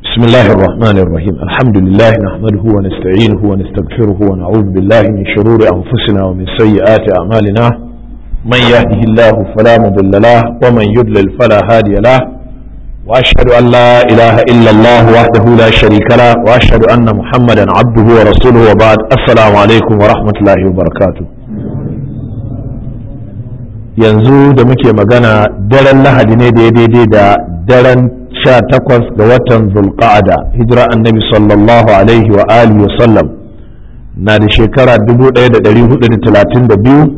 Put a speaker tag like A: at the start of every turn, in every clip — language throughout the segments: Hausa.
A: بسم الله الرحمن الرحيم الحمد لله نحمده ونستعينه ونستغفره ونعوذ بالله من شرور أنفسنا ومن سيئات أعمالنا من يهده الله فلا مضل له ومن يضلل فلا هادي له وأشهد أن لا إله إلا الله وحده لا شريك له وأشهد أن محمدا عبده ورسوله وبعد السلام عليكم ورحمة الله وبركاته yanzu da muke magana daren lahadi ne daidai da daren sha takwas ga watan zulqa'ada hijira annabi sallallahu alaihi wa alihi wasallam na da shekara 1432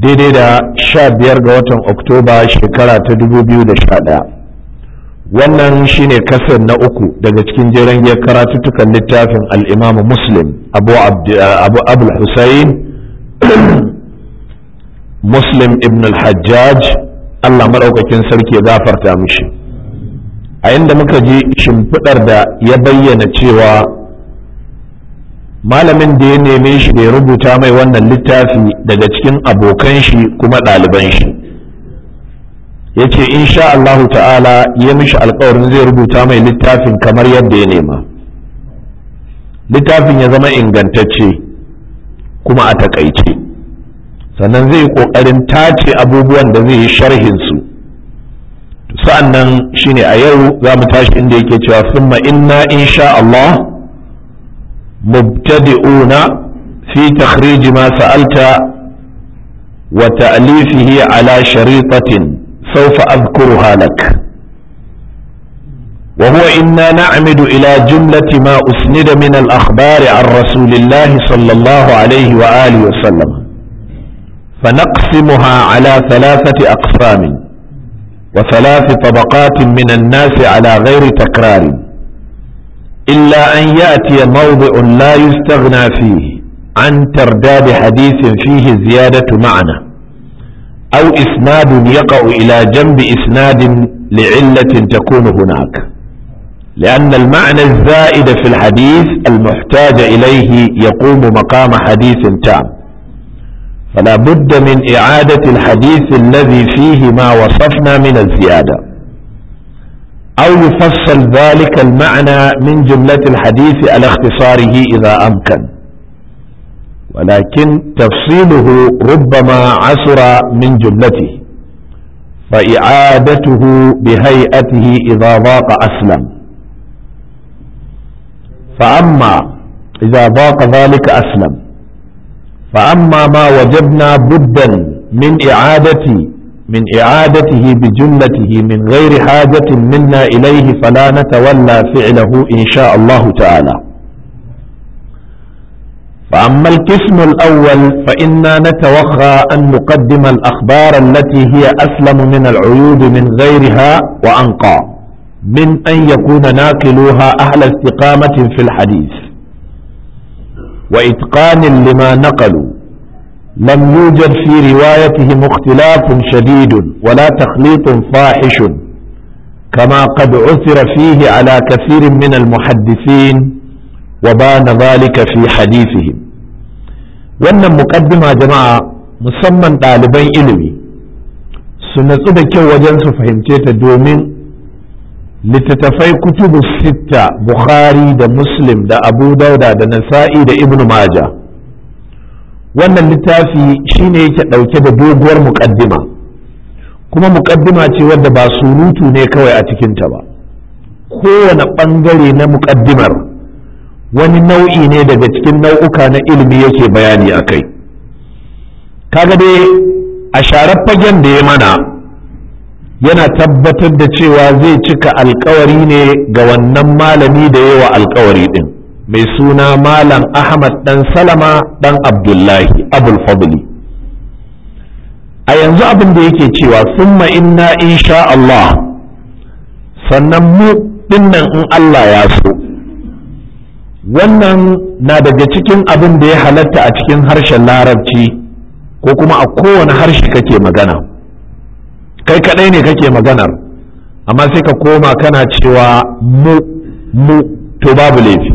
A: daidai da sha biyar ga watan oktoba shekara ta 2011 wannan shine kasar na uku daga cikin jeren ya karatuttukan littafin al'imamu muslim abu abul husayn muslim ibn al-hajjaj allah maɗaukakin sarki ya gafarta mishi a inda muka ji shimfiɗar da ya bayyana cewa malamin da ya neme shi da ya rubuta mai wannan littafi daga cikin abokan shi kuma ɗaliban shi ya ce sha Allahu ta'ala ya mishi alkawarin zai rubuta mai littafin kamar yadda ya nema littafin ya zama ingantacce kuma a takaice sannan zai yi ƙoƙarin tace abubuwan da zai yi sharhinsu sa'annan shine a yau za mu tashi inda yake cewa summa inna insha Allah mubtadi'una fi takhrij ma sa'alta wa ta'lifihi ala sharitatin sawfa adhkuruha lak وهو إنا نعمد إلى جملة ما أسند من الأخبار عن رسول الله صلى الله عليه وآله وسلم فنقسمها على ثلاثة أقسام وثلاث طبقات من الناس على غير تكرار إلا أن يأتي موضع لا يستغنى فيه عن ترداد حديث فيه زيادة معنى أو إسناد يقع إلى جنب إسناد لعلة تكون هناك لأن المعنى الزائد في الحديث المحتاج إليه يقوم مقام حديث تام فلا بد من إعادة الحديث الذي فيه ما وصفنا من الزيادة أو يفصل ذلك المعنى من جملة الحديث على اختصاره إذا أمكن ولكن تفصيله ربما عسر من جملته فإعادته بهيئته إذا ضاق أسلم فأما إذا ضاق ذلك أسلم فأما ما وجدنا بدا من إعادة من إعادته بجملته من غير حاجة منا إليه فلا نتولى فعله إن شاء الله تعالى فأما القسم الأول فإنا نتوخى أن نقدم الأخبار التي هي أسلم من العيوب من غيرها وأنقى من أن يكون ناقلوها أهل استقامة في الحديث وإتقان لما نقلوا لم يوجد في روايتهم اختلاف شديد ولا تخليط فاحش كما قد عثر فيه على كثير من المحدثين وبان ذلك في حديثهم wannan mukaddima jama'a musamman ɗaliban ilimi su natsu da kyau wajen su fahimce ta domin littattafai kutubu sitta bukhari da muslim da abu dauda da nasa'i da ibn maja wannan littafi shine yake ɗauke da doguwar muƙaddima kuma muƙaddima ce wadda ba surutu ne kawai a cikinta ba kowane ɓangare na muƙaddimar wani nau'i ne daga cikin nau'uka na ilimi yake bayani a kai kaga dai a sharar fagen da ya mana yana tabbatar da cewa zai cika alkawari ne ga wannan malami da yawa alkawari din mai suna malam ahmad dan salama dan abdullahi abul fadli a yanzu abin da yake cewa summa inna insha Allah sannan mu dinnan in Allah ya so wannan na daga cikin abin da ya halatta a cikin harshen larabci ko kuma a kowane harshe kake magana kai kadai ne kake maganar amma sai ka koma kana cewa mu mu to babu laifi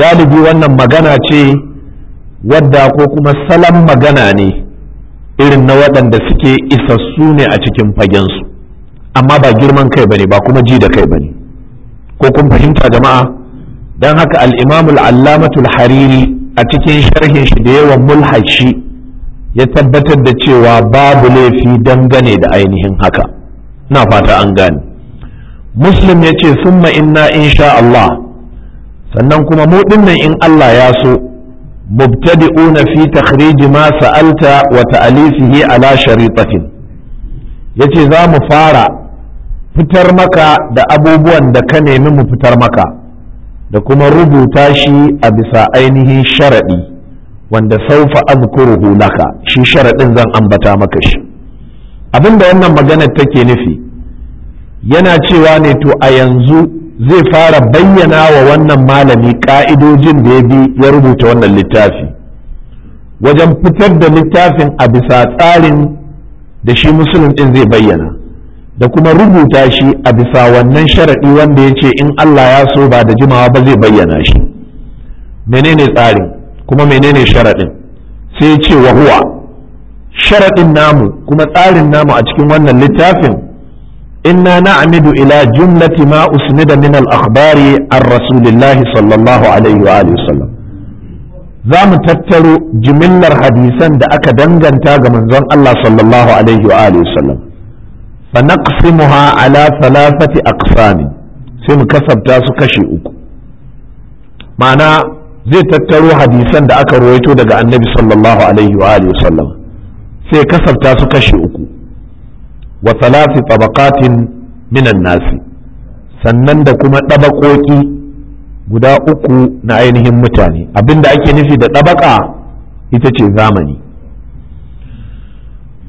A: galibi wannan magana ce wadda ko kuma salon magana ne irin na waɗanda suke isassu ne a cikin fagensu amma ba girman kai bane ba kuma ji da kai bane ko kun fahimta jama'a don haka al al'imamul allamatul hariri a cikin sharhin shi da yawan mulhashi ya tabbatar da cewa babu laifi dangane da ainihin haka na fata an gane muslim ya ce summa inna insha Allah sannan kuma mu dinnan in Allah ya so mubtadi'una fi takhrij ma sa'alta wa ta'alifihi ala sharitatin yace za mu fara fitar maka da abubuwan da ka nemi mu fitar maka da kuma rubuta shi a bisa ainihin sharaɗi wanda saufa azkuruhu laka shi sharaɗin zan ambata maka shi abinda wannan maganar take nufi yana cewa ne to a yanzu zai fara bayyana wa wannan malami ƙa'idojin da ya bi ya rubuta wannan littafi wajen fitar da littafin a bisa tsarin da shi musulun ɗin zai bayyana da kuma rubuta shi a bisa wannan sharaɗi wanda ya ce in Allah ya so ba da jimawa ba zai bayyana shi menene tsarin kuma menene sharaɗin sai ya ce wa huwa sharaɗin namu kuma tsarin namu a cikin wannan littafin inna na'amidu ila jumlati ma usnida min al-akhbari an rasulillahi sallallahu alaihi wa sallam. za mu tattaro jimillar hadisan da aka danganta ga manzon Allah sallallahu alaihi wa alihi fa naqsimuha ala thalathati aqsam sai mu kasabta su kashe uku ma'ana zai tattaro hadisan da aka rawaito daga annabi sallallahu alaihi wa alihi wasallam sai kasafta su kashe uku wa thalathi tabaqatin minan nasi sannan da kuma ɗabaƙoƙi guda uku na ainihin mutane abinda ake nufi da ɗabaƙa ita ce zamani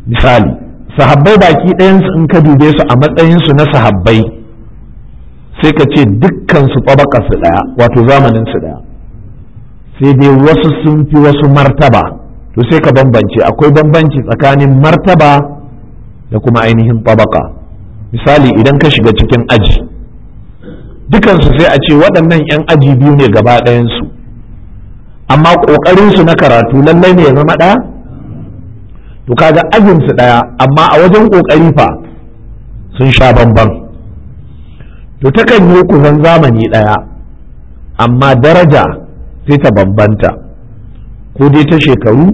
A: misali sahabbai baki ɗayansu in ka dube su a matsayinsu na sahabbai sai ka ce dukkansu su ɗaya wato zamaninsu ɗaya sai dai wasu sun fi wasu martaba to sai ka bambance akwai bambanci tsakanin martaba da kuma ainihin tabaka misali idan ka shiga cikin aji dukansu sai a ce waɗannan 'yan aji biyu ne gaba ɗayansu amma ƙoƙarinsu na karatu lallai ne ya zama ɗaya to kaga ajinsu ɗaya amma a wajen ƙoƙari fa sun sha bamban to takan yi ku zan zamani ɗaya amma daraja sai ta bambanta ko dai ta shekaru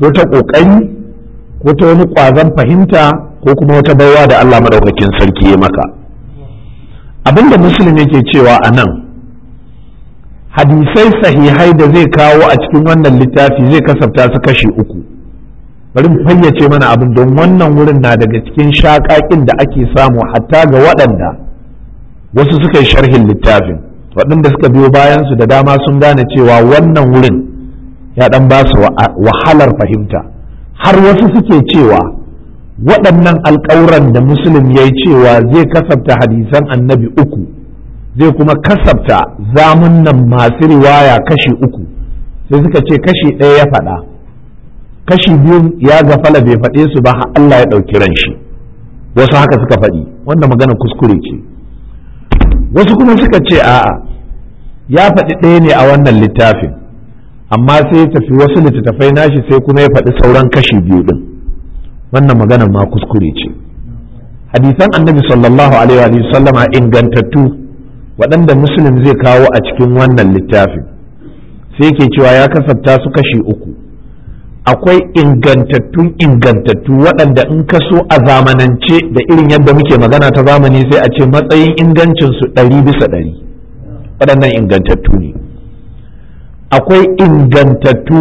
A: ko ta ƙoƙari ko ta wani ƙwazon fahimta ko kuma wata baiwa da Allah madaukakin sarki ya maka abinda musulmi yake cewa a nan hadisai sahihai da zai kawo a cikin wannan littafi zai kasafta su kashe uku bari mu fayyace mana abin don wannan wurin na daga cikin shaƙaƙin da ake samu hatta ga waɗanda wasu suka yi sharhin littafin waɗanda suka biyo bayansu da dama sun gane cewa wannan wurin ya ɗan ba su wahalar fahimta har wasu suke cewa waɗannan alƙawuran da musulun ya yi cewa zai kasabta hadisan annabi uku zai kuma kasabta nan masu riwaya kashi uku sai suka ce kashi ɗaya ya faɗa kashi biyu ya gafala bai faɗe su ba Allah ya ɗauki ran shi wasu haka suka faɗi Wanda magana kuskure ce wasu kuma suka ce a'a ya faɗi ɗaya ne a wannan littafin amma sai ya tafi wasu littattafai nashi sai kuma ya faɗi sauran kashi biyu ɗin wannan maganar ma kuskure ce hadisan annabi sallallahu alaihi wa a ingantattu waɗanda musulun zai kawo a cikin wannan littafin sai ke cewa ya kasafta su kashi uku akwai ingantattun ingantattu waɗanda in ka so a zamanance da irin yadda muke magana ta zamani sai a ce matsayin ingancinsu ɗari bisa ɗari waɗannan ingantattu ne akwai ingantattu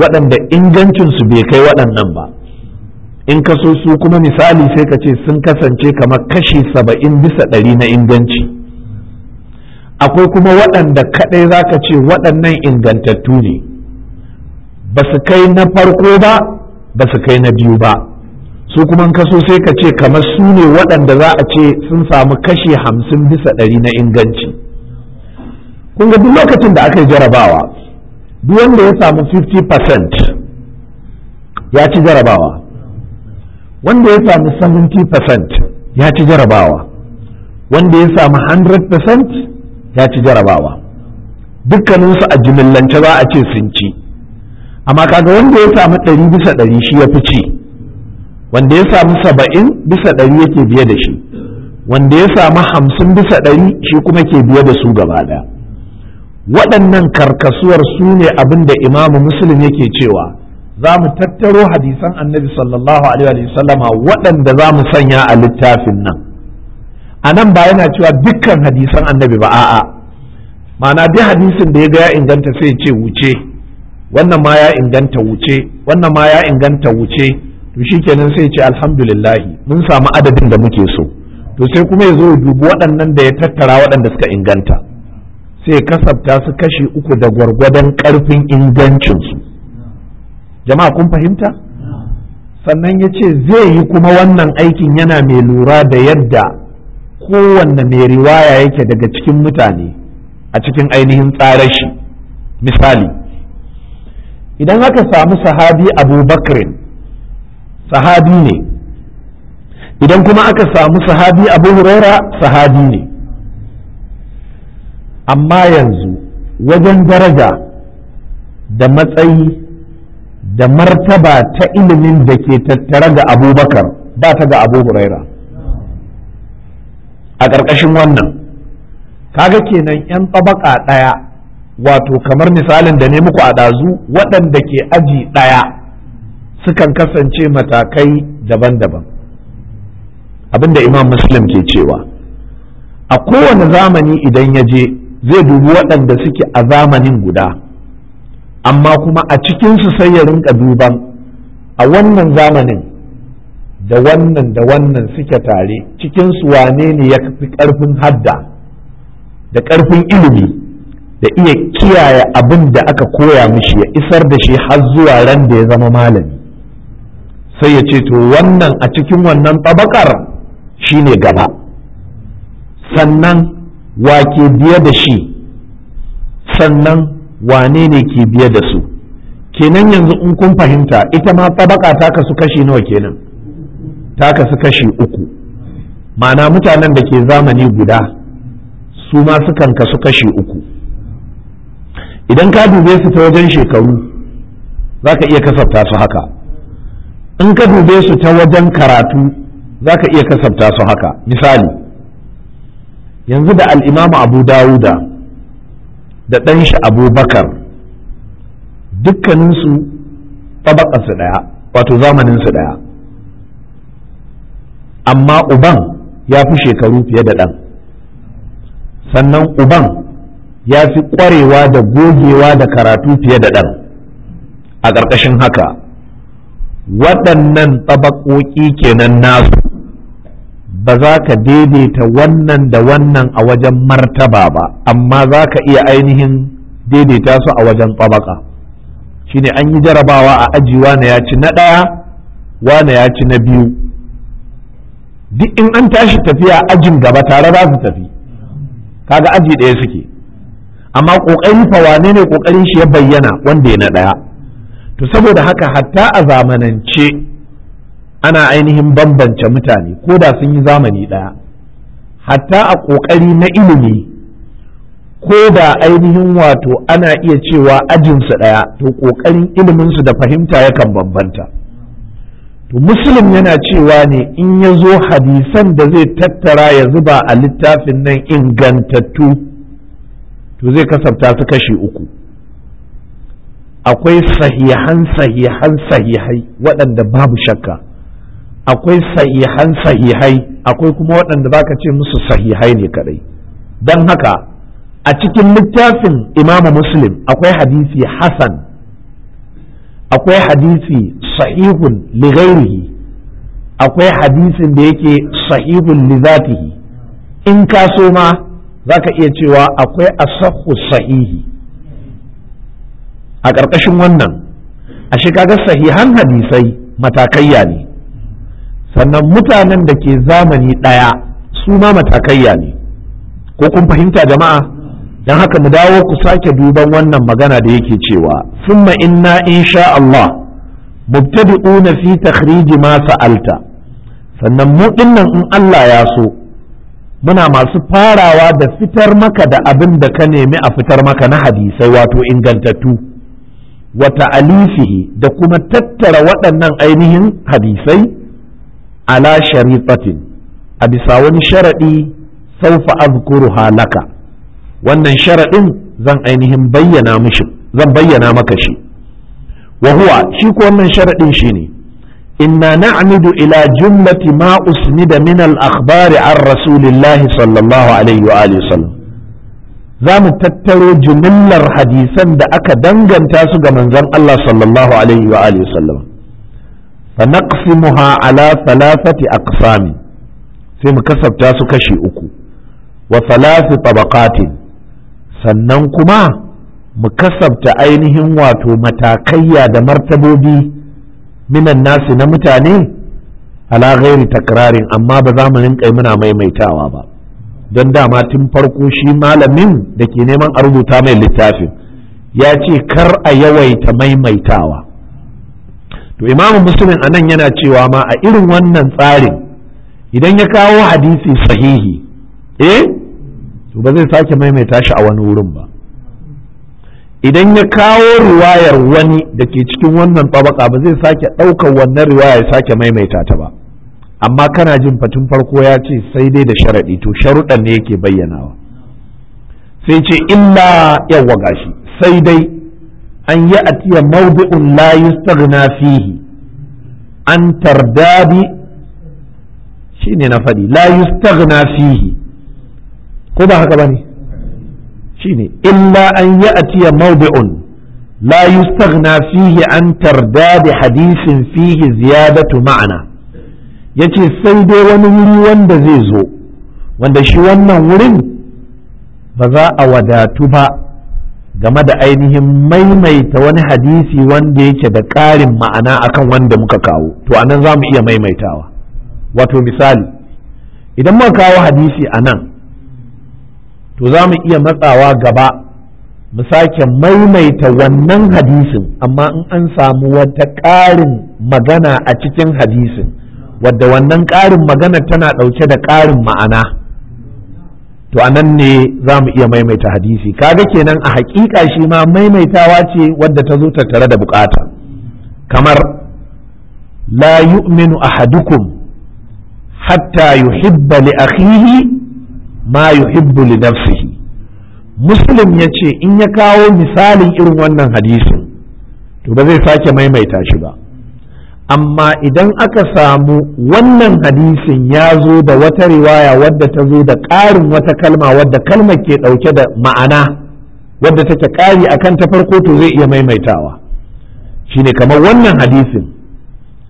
A: waɗanda ingancinsu bai kai waɗannan ba in ka so su kuma misali sai ka ce sun kasance kamar kashi saba'in bisa ɗari na inganci akwai kuma waɗanda kaɗai za ka ce waɗannan ingantattu ne ba su kai na farko ba ba su kai na biyu ba su kuma ka so sai ka ce kamar su ne waɗanda za a ce sun samu kashe hamsin bisa ɗari na inganci kun ga duk lokacin da aka yi jarabawa duk wanda ya samu 50% ya ci jarabawa wanda ya samu 70% ya ci jarabawa wanda ya samu 100% ya ci jarabawa dukkaninsu a jimillance za a ce sun ci amma kaga wanda ya samu ɗari bisa ɗari shi ya fi ci wanda ya samu saba'in bisa ɗari yake biye da shi wanda ya samu hamsin bisa ɗari shi kuma ke biye da su gaba ɗaya waɗannan karkasuwar su ne abin da imamu muslim yake cewa za mu tattaro hadisan annabi sallallahu alaihi wa sallam, waɗanda za mu sanya a littafin nan a nan ba yana cewa dukkan hadisan annabi ba a'a ma'ana duk hadisin da ya ga ya inganta sai ce wuce wannan ma ya inganta wuce wannan ma ya inganta wuce to shikenan sai ce alhamdulillah mun samu adadin da muke so to sai kuma ya zo dubi waɗannan da ya tattara waɗanda suka inganta sai kasafta su kashi uku da gwargwadon ƙarfin ingancinsu jama'a kun fahimta sannan ya ce zai yi kuma wannan aikin yana mai lura da yadda kowanne mai riwaya yake daga cikin mutane a cikin ainihin shi misali idan aka samu sahabi abubakrin sahabi ne idan kuma aka samu sahabi abu huraira sahabi ne amma yanzu wajen daraja da matsayi da martaba ta ilimin da ke tattare ga abubakar ba ta ga abu huraira a ƙarƙashin wannan kaga kenan 'yan tabaka ɗaya wato kamar misalin da ne muku a ɗazu waɗanda ke aji ɗaya sukan kasance matakai daban-daban abinda imam muslim ke cewa a kowane zamani idan ya je zai dubi waɗanda suke a zamanin guda amma kuma a cikinsu sai ya rinka duban a wannan zamanin da wannan da wannan suke tare cikinsu wane ne ya fi ƙarfin hadda da ƙarfin ilimi da iya kiyaye abin da aka koya mishi ya isar da shi har zuwa ran da ya zama malami sai ya ce to wannan a cikin wannan tabakar shine gaba sannan wa ke biye da shi sannan wane ne ke biye da su kenan yanzu in kun fahimta ita ma tabaka ta kasu kashi nawa kenan ta kasu kashi uku ma'ana mutanen da ke zamani guda su ma sukan kasu kashi uku idan ka dube su ta wajen shekaru za ka iya kasafta su haka in ka dube su ta wajen karatu za ka iya kasafta su haka misali yanzu da al'imamu abu dawuda da ɗan shi abubakar dukkaninsu su ɗaya wato zamaninsu ɗaya amma uban ya fi shekaru fiye da ɗan sannan uban ya fi ƙwarewa da gogewa da karatu fiye da ɗan a ƙarƙashin haka waɗannan tsabaƙoƙi kenan nasu ba za ka daidaita wannan da wannan a wajen martaba ba amma za ka iya ainihin daidaita su a wajen tsabaka shine an yi jarabawa a aji wane ya ci na ɗaya wane ya ci na biyu duk in an tashi tafiya ajin gaba tare za su tafi kaga aji ɗaya suke amma ƙoƙari fa wane ne ƙoƙarin shi ya bayyana wanda ya na ɗaya to saboda haka hatta a zamanance ana ainihin bambance mutane ko da sun yi zamani ɗaya hatta a ƙoƙari na ilimi ko da ainihin wato ana iya cewa ajinsu ɗaya to ƙoƙarin su da fahimta yakan bambanta to musulun yana cewa ne in ya zo hadisan da zai tattara ya zuba a littafin nan ingantattu to zai kasafta su kashi uku akwai sahihan sahihan sahihai waɗanda babu shakka akwai sahihan sahihai akwai kuma waɗanda baka ce musu sahihai ne kadai don haka a cikin littafin imama muslim akwai hadisi hasan akwai hadisi sahihun lighairihi akwai hadisin da yake sahihun lizatihi in ka so ma za ka iya cewa akwai asahu sahihi a ƙarƙashin wannan a kaga sahihan hadisai matakayya ne sannan mutanen da ke zamani ɗaya su ma matakayya ne ko kun fahimta jama'a don haka mu dawo ku sake duban wannan magana da yake cewa summa inna insha Allah mubtadi'una fi takhrij ma sa'alta sannan mu dinnan in Allah ya so muna masu farawa da fitar maka da abin da ka nemi a fitar maka na hadisai wato ingantattu wata alifihi da kuma tattara waɗannan ainihin hadisai ala sharifatin a bisa wani sharaɗi saufa azkuru halaka wannan sharaɗin zan ainihin bayyana mishi zan bayyana maka shi wa huwa shi ko wannan sharaɗin shine inna na'midu ila jumlati ma usnida min al akbari an rasulillahi sallallahu alaihi wa alihi sallam za mu tattaro jumillar hadisan da aka danganta su ga manzon Allah sallallahu alaihi wa alihi sallam fa naqsimuha ala thalathati aqsam sai mu kasafta su kashe uku wa thalathi tabaqatin sannan kuma mu kasafta ainihin wato matakayya da martabobi minan nasi na mutane ala ghairi takrarin amma ba za mu rinka muna maimaitawa ba don dama tun farko shi malamin da ke neman a rubuta mai littafin ya ce kar a yawaita maimaitawa to imamu musulmin anan yana cewa ma a irin wannan tsarin idan ya kawo hadisi sahihi eh to ba zai sake maimaita shi a wani wurin ba idan ya kawo riwayar wani da ke cikin wannan tabaka ba zai sake ɗaukar wannan riwaya ya sake maimaita ta ba amma kana jin fatin farko ya ce sai dai da sharaɗi to sharuɗan ne yake bayyanawa sai ce illa yawa gashi sai dai an yi tiya mawdi'un la yustaghna fihi an tardadi shine na faɗi la yustaghna fihi ko ba haka bane shine illa an yi ya'tiya mawdi'un la yustaghna fihi an tardadi hadisin fihi ziyadatu ma'ana yace sai dai wani wuri wanda zai zo wanda shi wannan wurin ba za a wadatu ba game da ainihin maimaita wani hadisi wanda yake da ƙarin ma'ana akan wanda muka kawo to anan za mu iya maimaitawa wato misali idan muka kawo hadisi anan. nan to za mu iya matsawa gaba mu sake maimaita wannan hadisin amma in an samu wata ƙarin magana a cikin hadisin wadda wannan ƙarin magana tana ɗauke da ƙarin ma'ana to a nan ne za mu iya maimaita hadisi kaga kenan a haƙiƙa shi ma maimaitawa ce wadda ta zo tattare da bukata kamar la yu'minu ahadukum hatta yuhibba li akhihi ma yuhibbu li nafsihi muslim ya ce in ya kawo misalin irin wannan hadisin to ba zai sake maimaita shi ba amma idan aka samu wannan hadisin ya zo da wata riwaya wadda ta zo da ƙarin wata kalma wadda kalmar ke ɗauke da ma'ana wadda take ƙari akan ta farko to zai iya maimaitawa shine kamar wannan hadisin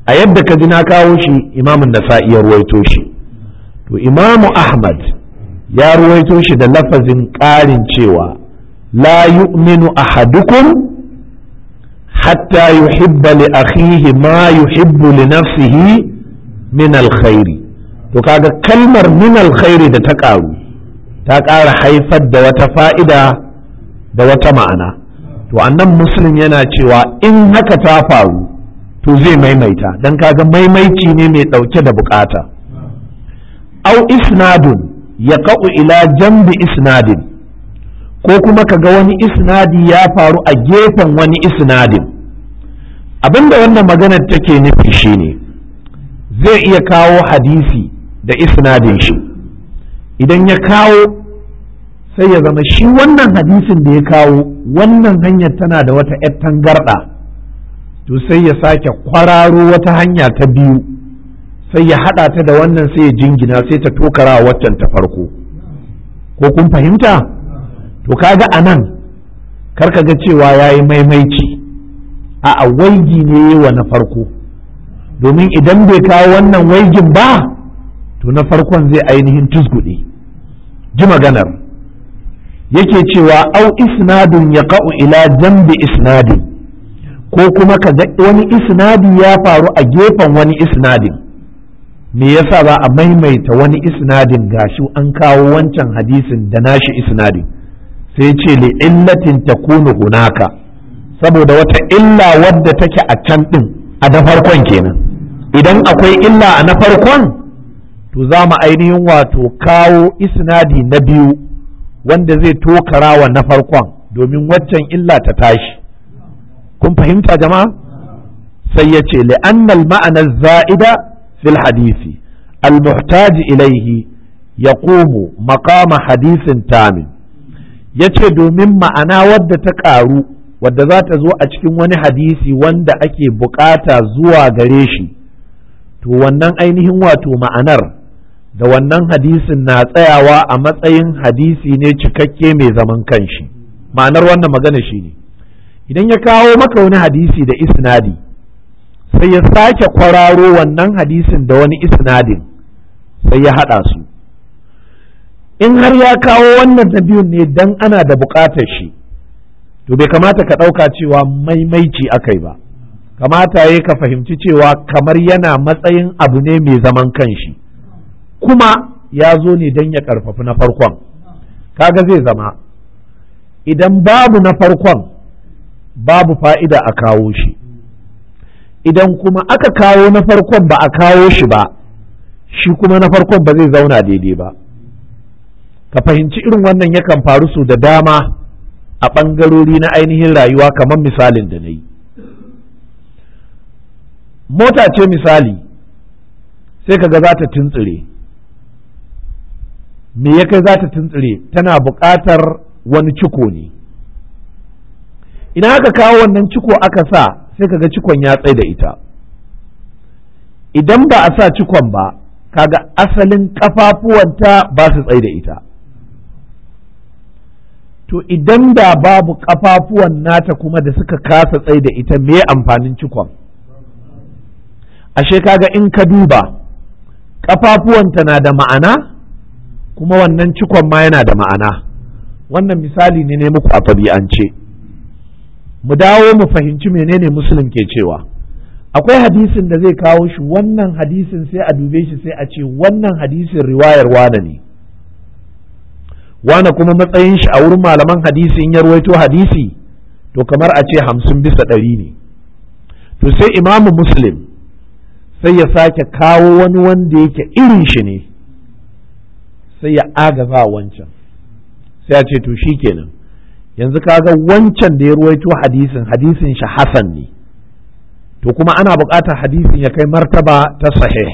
A: a yadda ka ji na kawo shi imamun nasa'i ya ruwaito shi to imamu ahmad ya ruwaito shi da lafazin ƙarin cewa la yu'minu ahadukum hatta yuhibba li akhihi ma yuhibbu li nafsihi min alkhairi to kaga kalmar min alkhairi da ta ƙaru ta ƙara haifar da wata fa'ida da wata ma'ana to annan muslim yana cewa in haka ta faru to zai maimaita Dan kaga maimaici ne mai ɗauke da bukata au isnadun ya ka'u ila jambi isnadin ko kuma ka ga wani isnadi ya faru a gefen wani isnadin abinda wannan maganar take nufi shine zai iya kawo hadisi da isnadin shi idan ya kawo sai ya zama shi wannan hadisin da ya kawo wannan hanyar tana da wata 'yar tangarɗa to sai ya sake kwararo wata hanya ta biyu sai ya haɗa ta da wannan sai ya jingina sai ta tokara watan ta farko ko kun fahimta to kaga a nan karka ga cewa ya yi maimaici a waigi ne wa na farko domin idan bai kawo wannan waigin ba to na farkon zai ainihin tuzguɗe ji maganar yake cewa au isnadun ya ka'u ila zambi isnadin ko kuma ka ga wani isnadi ya faru a gefen wani isnadin me yasa ba a maimaita wani isnadin gashi an kawo wancan hadisin da nashi isnadin sai ce li illatin takunu hunaka saboda wata illa wadda take a can din a na farkon kenan idan akwai illa a na farkon to za mu ainihin wato kawo isnadi na biyu wanda zai tokarawa na farkon domin waccan illa ta tashi kun fahimta jama'a sai ya ce li'annal ma'anar za'ida fil hadisi al-muhtaji ilaihi ya komo makama hadisin tamin ya ce domin ma'ana wadda ta ƙaru wadda zata zo a cikin wani hadisi wanda ake bukata zuwa gare shi to wannan ainihin wato ma'anar da wannan hadisin na tsayawa a matsayin hadisi ne cikakke mai zaman kanshi ma'anar wannan magana shi ne idan ya kawo maka wani hadisi da isnadi sai ya sake kwararo wannan hadisin da wani isnadin sai ya haɗa su in har ya kawo wannan na biyun ne dan ana da buƙatar shi to bai kamata ka ɗauka cewa maimaici akai ba kamata ya ka fahimci cewa kamar yana matsayin abu ne mai zaman kanshi kuma ya zo ne dan ya ƙarfafi na farkon kaga zai zama idan babu na farkon babu fa'ida a kawo shi idan kuma aka kawo na farkon ba a kawo shi ba shi kuma na farkon ba zai zauna daidai ba ka fahimci irin wannan yakan faru su da dama a ɓangarori na ainihin rayuwa kamar misalin da na yi mota ce misali sai kaga za ta tuntsire me ya kai za ta tuntsire tana buƙatar wani ciko ne ina aka kawo wannan ciko aka sa sai kaga cikon ya tsai da ita idan ba a sa cikon ba kaga asalin kafafuwanta ba su tsai da ita to idan da babu kafafuwan nata kuma da suka kasa tsai da ita me amfanin cikon ashe kaga in ka duba kafafuwanta na da ma'ana kuma wannan cikon ma yana da ma'ana wannan misali ne ne muku a tabi'ance. mu dawo mu fahimci menene muslim ke cewa akwai hadisin da zai kawo shi wannan hadisin sai a dube shi sai a ce wannan hadisin riwayar wana ne Wana kuma matsayin shi a wurin malaman hadisi in ya ruwaito hadisi to kamar a ce hamsin bisa ɗari ne to sai imamu muslim sai ya sake kawo wani wanda yake irin shi ne sai ya agaza wancan sai a ce to shi kenan yanzu kaga wancan da ya ruwaito hadisin hadisin shi hasan ne to kuma ana buƙatar hadisin ya kai martaba ta sahih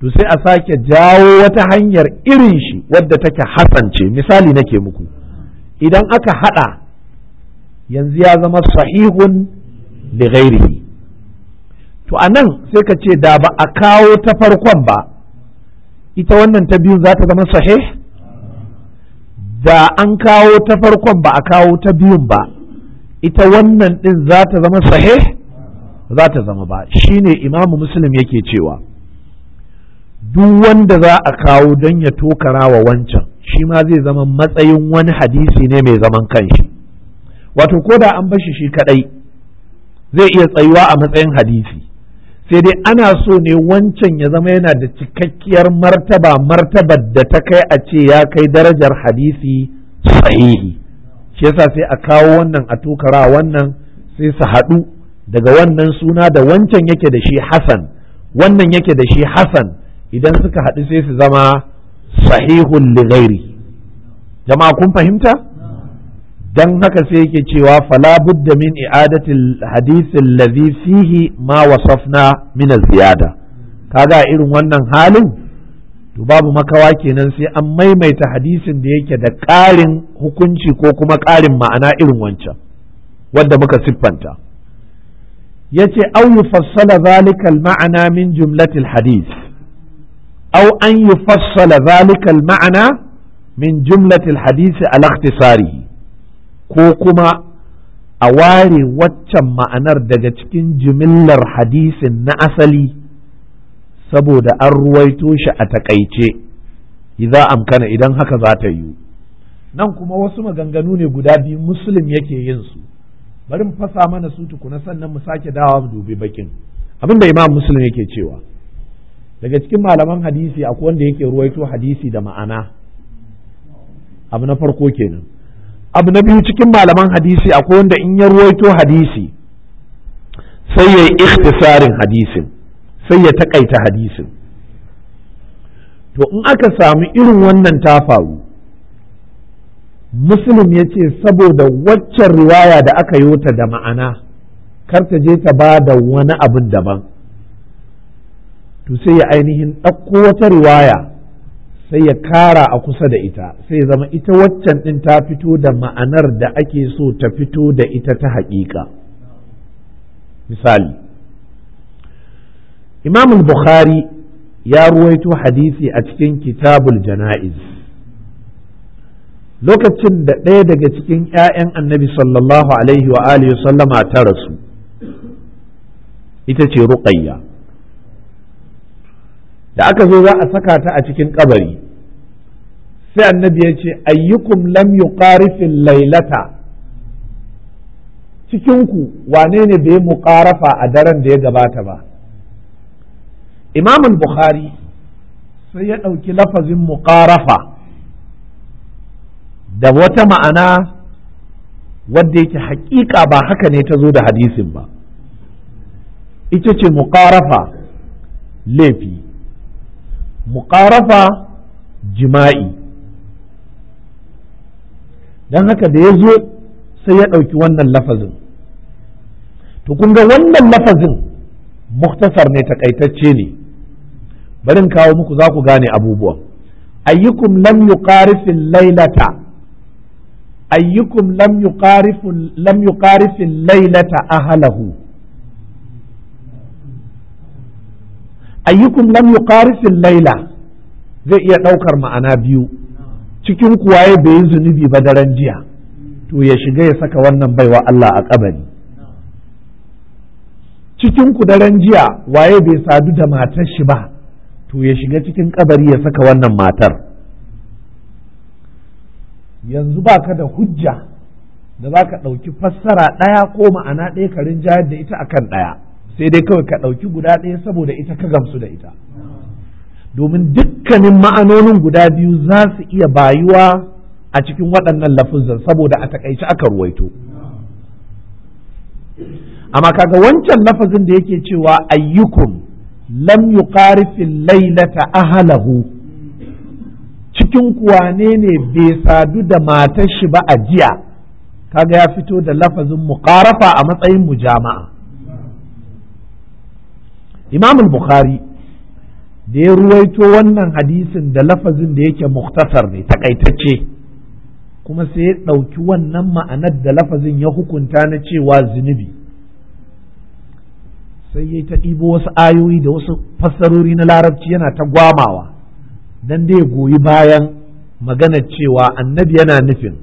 A: to sai a sake jawo wata hanyar irin shi wadda take ce misali nake muku idan aka haɗa yanzu ya zama sahihun li ghairihi to a nan sai ka ce da ba a kawo ta farkon ba ita wannan ta biyun za ta zama sahih da an kawo ta farkon ba a kawo ta biyun ba ita wannan ɗin za ta zama sahih za ta zama ba shine imamu muslim yake cewa duk wanda za a kawo don ya tokara wa wancan shi ma zai zama matsayin wani hadisi ne mai zaman kanshi wato ko da an bashi shi kadai zai iya tsayuwa a matsayin hadisi sai dai ana so ne wancan ya zama yana da cikakkiyar martaba martabar da ta kai a ce ya kai darajar hadisi sahihi shi yasa sai a kawo wannan a tukara wannan sai su haɗu daga wannan suna da wancan yake da shi hasan wannan yake da shi hasan idan suka haɗu sai su zama sahihun Ligairi. jama'a kun fahimta dan haka sai yake cewa fala budda min i'adatin hadisin allazi fihi ma wasafna min ziyada kaga irin wannan halin to babu makawa kenan sai an maimaita hadisin da yake da ƙarin hukunci ko kuma ƙarin ma'ana irin wancan wadda muka siffanta yace aw yufassala zalika al min jumlatil hadith aw an yufassala zalika al ma'ana min jumlatil hadisi al-ikhtisarihi ko kuma a ware waccan ma'anar daga cikin jimillar hadisin na asali saboda an ruwaito shi a takaice idza amkana idan haka za ta yi. nan kuma wasu maganganu ne guda biyu muslim yake yin su bari mu fasa mana su tukuna sannan mu sake dawa mu dubi bakin abin da imam muslim yake cewa daga cikin malaman hadisi akwai wanda yake ruwaito hadisi da ma'ana abu na farko kenan abu na biyu cikin malaman hadisi akwai wanda in ya ruwaito hadisi sai ya yi ikhtisarin hadisin sai ya takaita hadisin to in aka samu irin wannan ta faru muslim ya ce saboda waccan riwaya da aka yi ta da ma'ana kar ta je ta ba da wani abin daban to sai ya ainihin ɗauko wata riwaya sai ya kara a kusa da ita sai ya zama ita waccan ɗin ta fito da ma'anar da ake so ta fito da ita ta haƙiƙa misali imam bukhari ya ruwaito hadisi a cikin kitabul jana'iz lokacin da ɗaya daga cikin 'ya'yan annabi sallallahu alaihi wa alihi sallama ta rasu ita ce ruqayya da aka zo za a saka ta a cikin kabari sai annabi ya ce ayyukum lam yuqarifil lailata cikinku wanene wane ne bai muqarafa a daren da ya gabata ba imamul bukhari sai ya ɗauki lafazin muqarafa da wata ma'ana wadda yake haƙiƙa ba haka ne ta zo da hadisin ba ita ce muqarafa laifi muqarafa jima'i don haka da ya zo sai ya ɗauki wannan lafazin to kun ga wannan lafazin muktasar ne takaitacce ne barin kawo muku za ku gane abubuwan ayyukum lam yuqarifil lailata ayyukum lam yuqarifu lam yuqarifil lailata ahlahu ayyukum lam yuqarifil laila zai iya ɗaukar ma'ana biyu cikin kuwaye bai yi zunubi ba daren jiya to ya shiga ya saka wannan baiwa Allah a kabari cikin ku daren jiya waye bai sadu da matar shi ba to ya shiga cikin kabari ya saka wannan matar yanzu ba ka da hujja da za ka ɗauki fassara ɗaya ko ma'ana ɗaya karin rinjayar da ita akan ɗaya sai dai kawai ka ɗauki guda ɗaya saboda ita ka gamsu da ita domin dukkanin ma'anonin guda biyu za su iya bayuwa a cikin waɗannan lafuzan saboda a taƙaice aka ruwaito amma kaga wancan lafazin da yake cewa ayyukun, lam yuqarifil lailata ahlahu cikin kuwane ne bai sadu da matar shi ba a jiya kaga ya fito da lafazin muqarafa a matsayin mujama'a jama'a. Imamul bukhari da ya ruwaito wannan hadisin da lafazin da yake muktasar ne takaitacce kuma sai ya ɗauki wannan ma'anar da lafazin ya hukunta na cewa zunubi sai ya ta ɗibo wasu ayoyi da wasu fassarori na larabci yana ta gwamawa don da ya goyi bayan magana cewa annabi yana nufin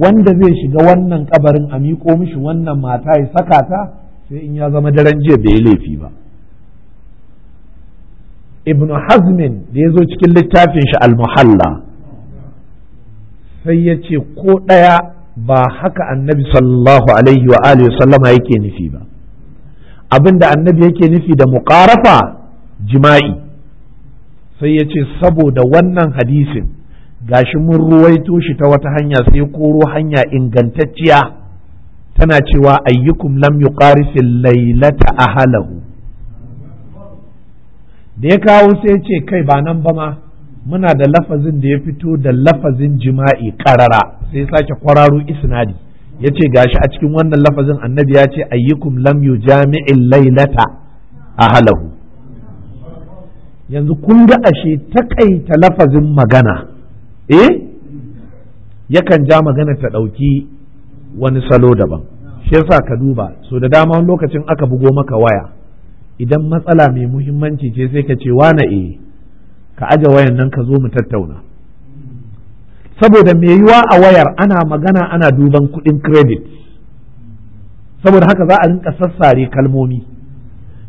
A: wanda zai shiga wannan kabarin a miƙo mishi wannan mata ya saka ta sai in ya zama daren jiya bai laifi ba ibn hazmin da ya zo cikin littafin shi al sai ya ce ko ɗaya ba haka annabi sallallahu alaihi wa alihi sallama yake nufi ba abinda annabi yake nufi da muƙarafa jima'i sai ya ce saboda wannan hadisin gashi mun ruwaito shi ta wata hanya sai koro hanya ingantacciya tana cewa ayyukum lam yuqarifil lailata ahalahu da ya kawo sai ya ce kai ba nan ba ma muna da lafazin da ya fito da lafazin jima'i karara sai ya sake kwararo isnadi ya ce gashi a cikin wannan lafazin annabi ya ce ayyukum lam jami'in lailata a halahu. yanzu kun ga ashe takaita lafazin magana eh yakan ja magana ta ɗauki wani salo daban shi yasa ka duba so da dama lokacin aka bugo maka waya idan matsala mai muhimmanci ce sai ka ce wane eh ka aje wayan nan ka zo mu tattauna saboda me yiwa a wayar ana magana ana duban kuɗin credit saboda haka za a rinka sassare kalmomi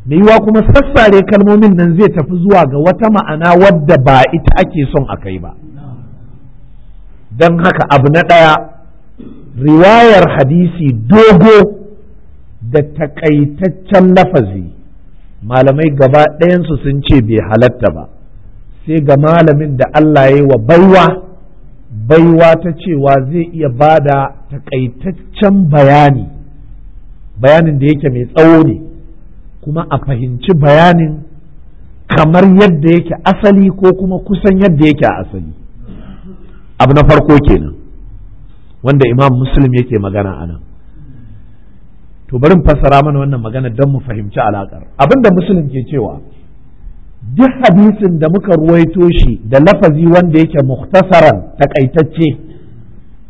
A: me yiwa kuma sassare kalmomin nan zai tafi zuwa ga wata ma'ana wadda ba ita ake son a kai ba don haka abu na ɗaya riwayar hadisi dogo da takaitaccen lafazi malamai gaba ɗayansu sun ce bai halatta ba sai ga malamin da Allah ya yi wa baiwa baiwa ta cewa zai iya ba da takaitaccen bayani bayanin da yake mai tsawo ne kuma a fahimci bayanin kamar yadda yake asali ko kuma kusan yadda yake a asali abu na farko kenan wanda imam muslim yake magana a nan to bari fassara mana wannan magana don mu fahimci alaƙar abinda musulun ke cewa duk hadisin da muka ruwaito shi da lafazi wanda yake muhtasaran takaitacce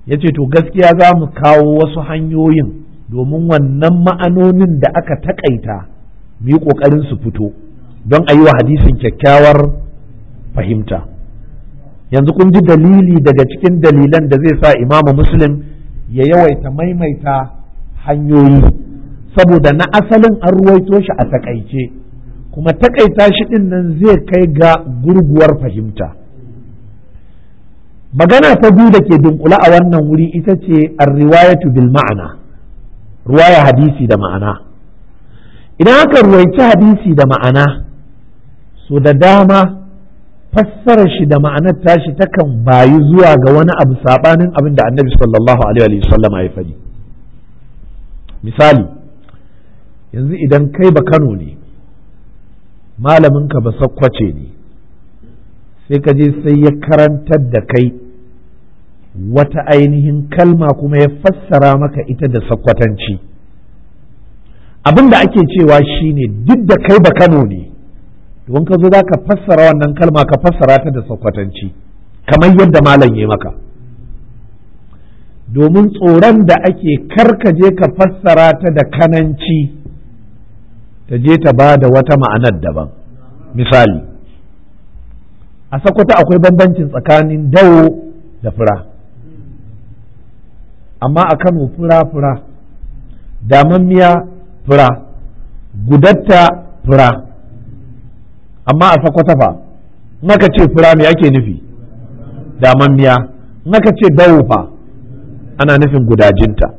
A: ya ce to gaskiya za mu kawo wasu hanyoyin domin wannan ma'anonin da aka takaita mu yi ƙoƙarin su fito don a yi wa hadisin kyakkyawar fahimta yanzu kun ji dalili daga cikin dalilan da zai sa imama muslim ya yawaita maimaita hanyoyi saboda na asalin an ruwaito shi a takaice kuma takaita shi din nan zai kai ga gurguwar fahimta magana ta biyu da ke dunkula a wannan wuri ita ce arriwayatu bil ma'ana ruwaya hadisi da ma'ana idan aka ruwaici hadisi da ma'ana so da dama fassara shi da ma'anar tashi takan bayu zuwa ga wani abu sabanin abin da annabi sallallahu alaihi ya faɗi misali yanzu idan kai ba kano ne malaminka ba sakkwace ne sai ka je sai ya karantar da kai wata ainihin kalma kuma ya fassara maka ita da sakkwatanci abinda ake cewa shine duk da kai ba kano ne don ka zo za ka fassara wannan kalma ka fassara ta da Sakwatanci, kamar yadda malam ya maka domin tsoron da ake karkaje ka fassara ta da kananci ta je ta ba da wata ma'anar daban misali a sakwata akwai bambancin tsakanin dawo da fura amma a kano fura fura damammiya fura gudatta fura amma a sakwata fa naka ce fura me ake nufi damammiya naka ce dawo fa ana nufin gudajinta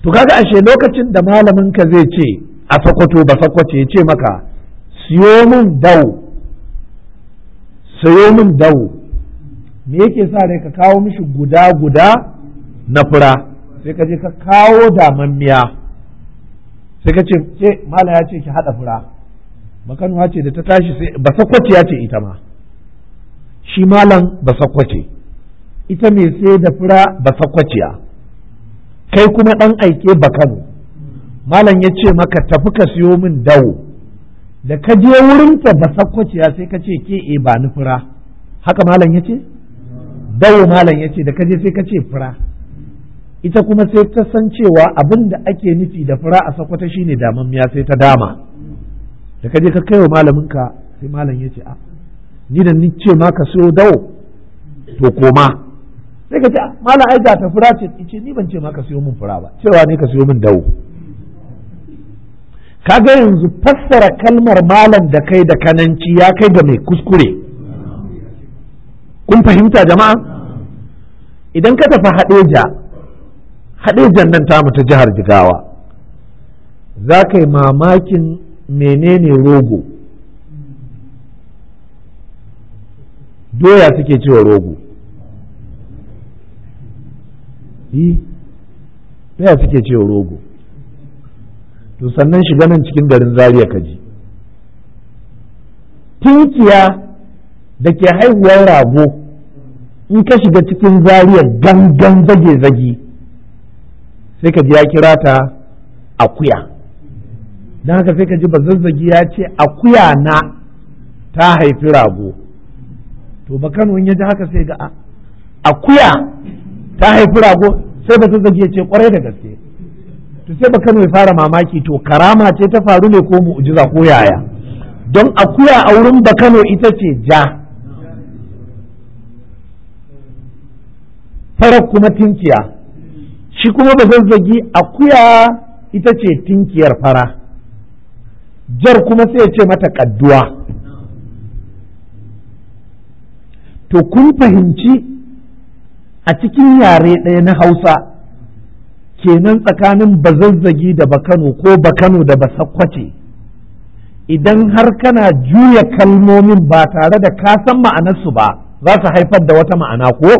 A: to kaga ashe lokacin da malamin ka zai ce a sokoto ba sakwace ya ce maka siyo min dau siyo min dau me yake sa dai ka kawo mishi guda guda na fura sai ka je ka kawo damammiya sai ka ce ce mala ya ce ki haɗa fura makanuwa ce da ta tashi sai ba sakwace ya ce ita ma shi malam ba sakwace ita mai sai da fura ba sakwaciya kai kuma dan aike ba kano malam ya ce maka tafi ka siyo min dawo da ka je wurinta ba sakkwaciya sai ka ce ke e ba ni fura haka malam ya ce dawo malam ya ce da ka je sai ka ce fura ita kuma sai ta san cewa abin da ake nufi da fura a sakwata shine damammiya sai ta dama da ka je ka kai wa malaminka sai malam ya ce a ah, ni da ni ce ma ka siyo dawo to koma sai ka ce ah, malam ai da ta fura ce ce ni ban ce ma ka siyo min fura ba cewa ne ka siyo min dawo kaga yanzu fassara kalmar malam da kai da kananci ya kai ga mai kuskure kun fahimta jama'a idan ka tafi hadeja hadejan nan tamu ta jihar jigawa za ka yi mamakin menene rogo doya suke cewa rogo doya suke cewa rogo to sannan shiga nan cikin garin zariya ka ji tunkiya da ke haihuwar rago in ka shiga cikin zariya gangan zage-zage sai ka ji ya kira ta akuya don haka sai ka ji bazazzagi ya ce akuya na ta haifi rago to kano ya ji haka sai ga akuya ta haifi rago sai bazazzagi ya ce kwarai da gaske to sai baka mai fara mamaki to karama ce ta faru ne ko mu'jiza ko yaya don akuya a wurin bakano ita ce ja farar kuma tinkiya shi kuma ba zazzagi akuya ita ce tinkiyar fara jar kuma sai ce mata kadduwa to kun fahimci a cikin yare ɗaya na hausa kenan tsakanin bazazzagi da bakano ko bakano da basakwace idan har kana juya kalmomin ba tare da ka san ma'anarsu ba za su haifar da wata ma'ana ko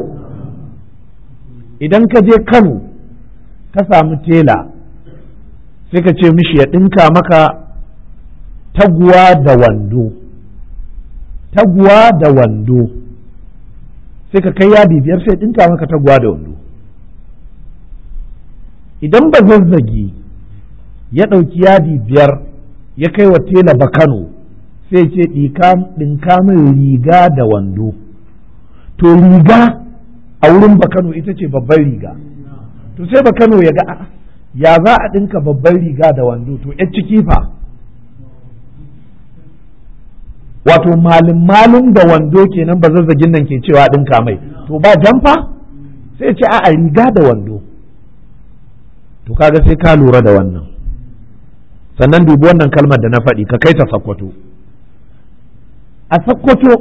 A: idan ka je kano ka samu tela sai ka ce mishi ya ɗinka maka taguwa da wando taguwa da wando sai ka kai yadi biyar sai ɗinka maka taguwa da wando idan ba zazzage ya ɗauki yadi biyar ya kai wa tela ba kano sai ce ɗinka mai riga da wando to riga a wurin ba kano ita ce babban riga to sai ba kano ya ga ya za a ɗinka babban riga da wando to ya ciki fa wato malin malin da wando kenan ba zazzagin nan ke cewa ɗinka mai to ba jamfa sai ce a riga da wando to kaga sai ka lura da wannan sannan dubi wannan kalmar da na faɗi ka kai ta sakkwato a sakkwato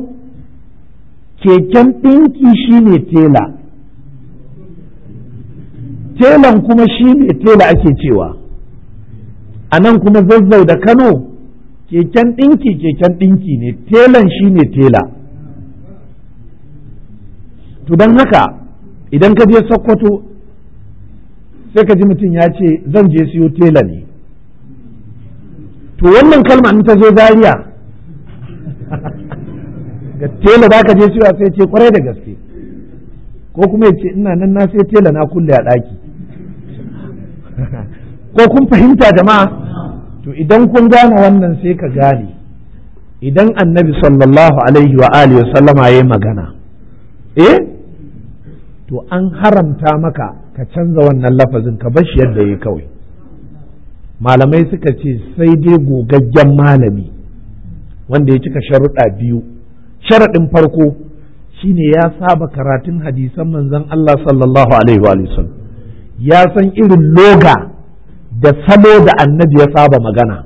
A: keken ɗinki shine tela telan kuma shine tela ake cewa a nan kuma zazzau da kano keken ɗinki keken ɗinki ne telan shine tela to don haka idan ka je sokoto sai ka ji mutum ya ce zan je siyo tela ne to wannan kalma in ta zo zariya ga tela za ka je siyo sai ce kwarai da gaske ko kuma ya ce ina nan na sai tela na kulle a ɗaki ko kun fahimta jama'a to idan kun gane wannan sai ka gane idan annabi sallallahu alaihi wa alihi wa sallama magana eh to an haramta maka ka canza wannan lafazin ka bashi yadda ya kawai malamai suka ce sai dai gogaggen malami wanda ya cika sharuɗa biyu sharaɗin farko shine ya saba karatun hadisan manzon Allah sallallahu alaihi wa sallam ya san irin loga da salo da annabi ya saba magana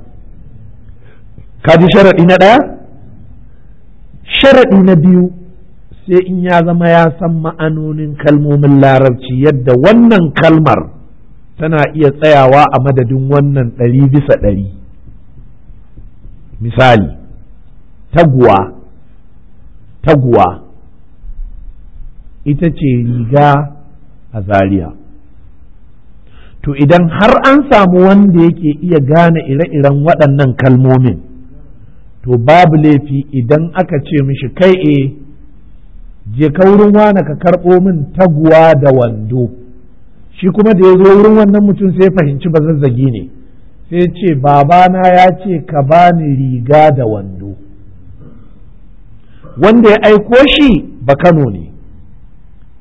A: ka ji sharaɗi na ɗaya sharaɗi na biyu sai in ya zama ya san ma'anonin kalmomin larabci yadda wannan kalmar tana iya tsayawa a madadin wannan ɗari bisa ɗari misali taguwa taguwa ita ce riga a zaria to idan har an samu wanda yake iya gane ire-iren waɗannan kalmomin to babu laifi idan aka ce mishi kai e je ka wurin wane ka karɓo min taguwa da wando shi kuma da ya zo wurin wannan mutum sai fahimci ba zazzagi ne sai ce babana ya ce ka bani riga da wando wanda ya aiko shi ba kano ne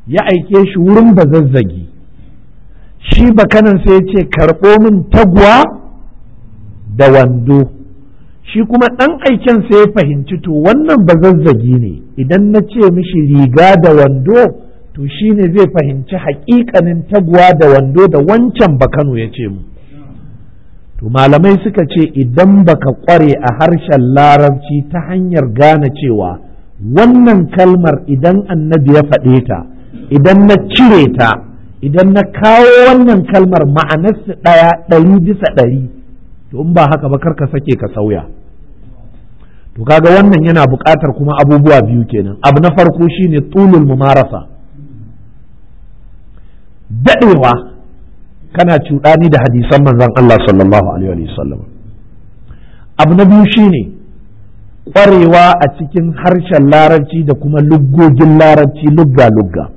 A: ya aike shi wurin ba zazzagi shi ba sai ya ce karɓo min taguwa da wando shi kuma ɗan aiken sai ya fahimci to wannan ba zazzagi ne idan na ce mishi riga da wando to shi ne zai fahimci haƙiƙanin taguwa da wando da wancan ba Kano ya ce mu to malamai suka ce idan baka ƙware a harshen larabci ta hanyar gane cewa wannan kalmar idan annabi ya faɗe ta idan na cire ta idan na kawo wannan kalmar ma'anarsa ɗaya ɗari bisa ɗari to in ba haka ba karka sake ka sauya to kaga wannan yana buƙatar kuma abubuwa biyu kenan abu na farko shine tulul mumarasa dadewa kana cuɗani da hadisan manzon Allah sallallahu alaihi wa abu na biyu shine ƙwarewa a cikin harshen larabci da kuma luggogin larabci lugga lugga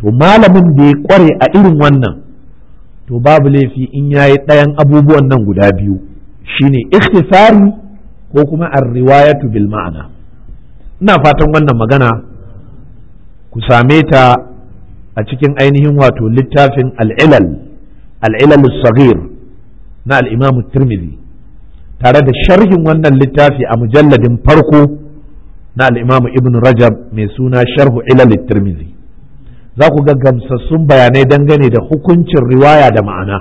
A: to malamin da ya ƙware a irin wannan to babu laifi in yayi ɗayan abubuwan nan guda biyu shine ikhtisari ko kuma ar-riwayatu bil ma'ana ina fatan wannan magana ku same ta a cikin ainihin wato littafin al-ilal al-ilal as-saghir na al-imam at-tirmidhi tare da sharhin wannan littafi a mujalladin farko na al-imam ibn rajab mai suna sharhu ilal at-tirmidhi za ku ga gamsassun bayanai dangane da hukuncin riwaya da ma'ana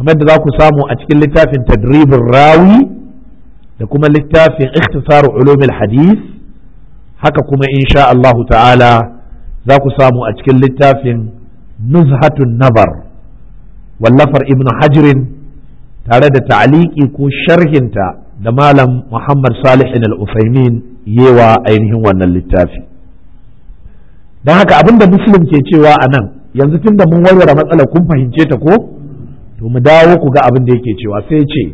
A: kamar da za ku samu a cikin littafin tadribin rawi da kuma littafin ikhtisar ulumil hadith haka kuma insha Allah ta'ala za ku samu a cikin littafin nuzhatun nabar wallafar ibn hajrin tare da ta'aliki ko sharhinta da malam muhammad salihin al-usaimin yewa ainihin wannan littafi don haka abin da muslim ke cewa a nan yanzu tun da mun warware matsalar kun fahimce ta ko to mu dawo ku ga abin da yake cewa sai ce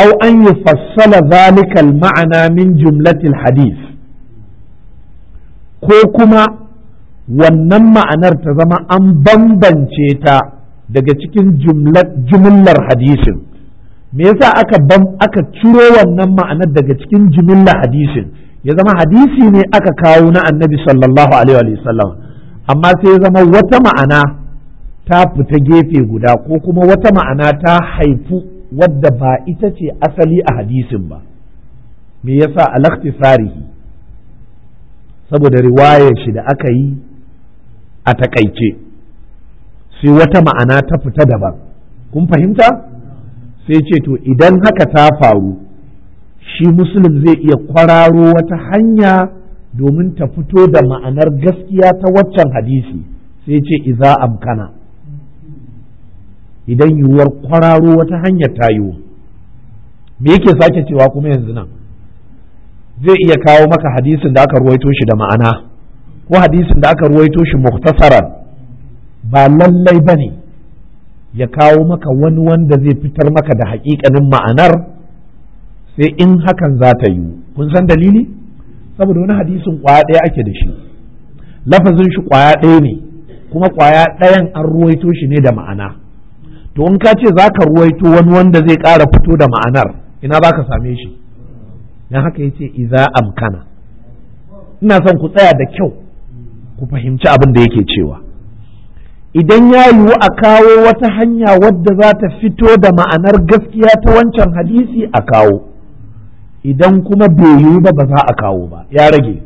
A: au an yi fassala zalikal ma'ana min jumlatil hadis ko kuma wannan ma'anar ta zama an bambance ta daga cikin jumlar hadisin me yasa aka aka ciro wannan ma'anar daga cikin jumlar hadisin ya zama hadisi ne aka kawo na annabi sallallahu alaihi wa sallam amma sai ya zama wata ma'ana ta fita gefe guda ko kuma wata ma'ana ta haifu wadda ba ita ce asali a hadisin ba me yasa al-ikhtisarihi saboda riwayar shi da aka yi a takaice sai wata ma'ana ta fita daban kun fahimta sai ce to idan haka ta faru shi musulun zai iya kwararo wata hanya domin ta fito da ma'anar gaskiya ta waccan hadisi sai ce iza amkana idan yiwuwar kwararo wata hanyar ta yiwu me yake sake cewa kuma yanzu nan zai iya kawo maka hadisin da aka ruwaito shi da ma'ana ko hadisin da aka ruwaito shi muktasaran ba lallai ba ne ya kawo maka wani wanda zai fitar maka da haƙiƙanin ma'anar sai in hakan za ta yi kun san dalili saboda wani hadisin kwaya ɗaya ake da shi lafazin shi kwaya ɗaya ne kuma kwaya ɗayan an ruwaito shi ne da ma'ana to in ka ce za ka ruwaito wani wanda zai ƙara fito da ma'anar ina za ka same shi don haka ya ce iza amkana ina son ku tsaya da kyau ku fahimci abin da yake cewa idan ya yiwu a kawo wata hanya wadda za ta fito da ma'anar gaskiya ta wancan hadisi a kawo idan kuma bai yiwu ba ba za a kawo ba ya rage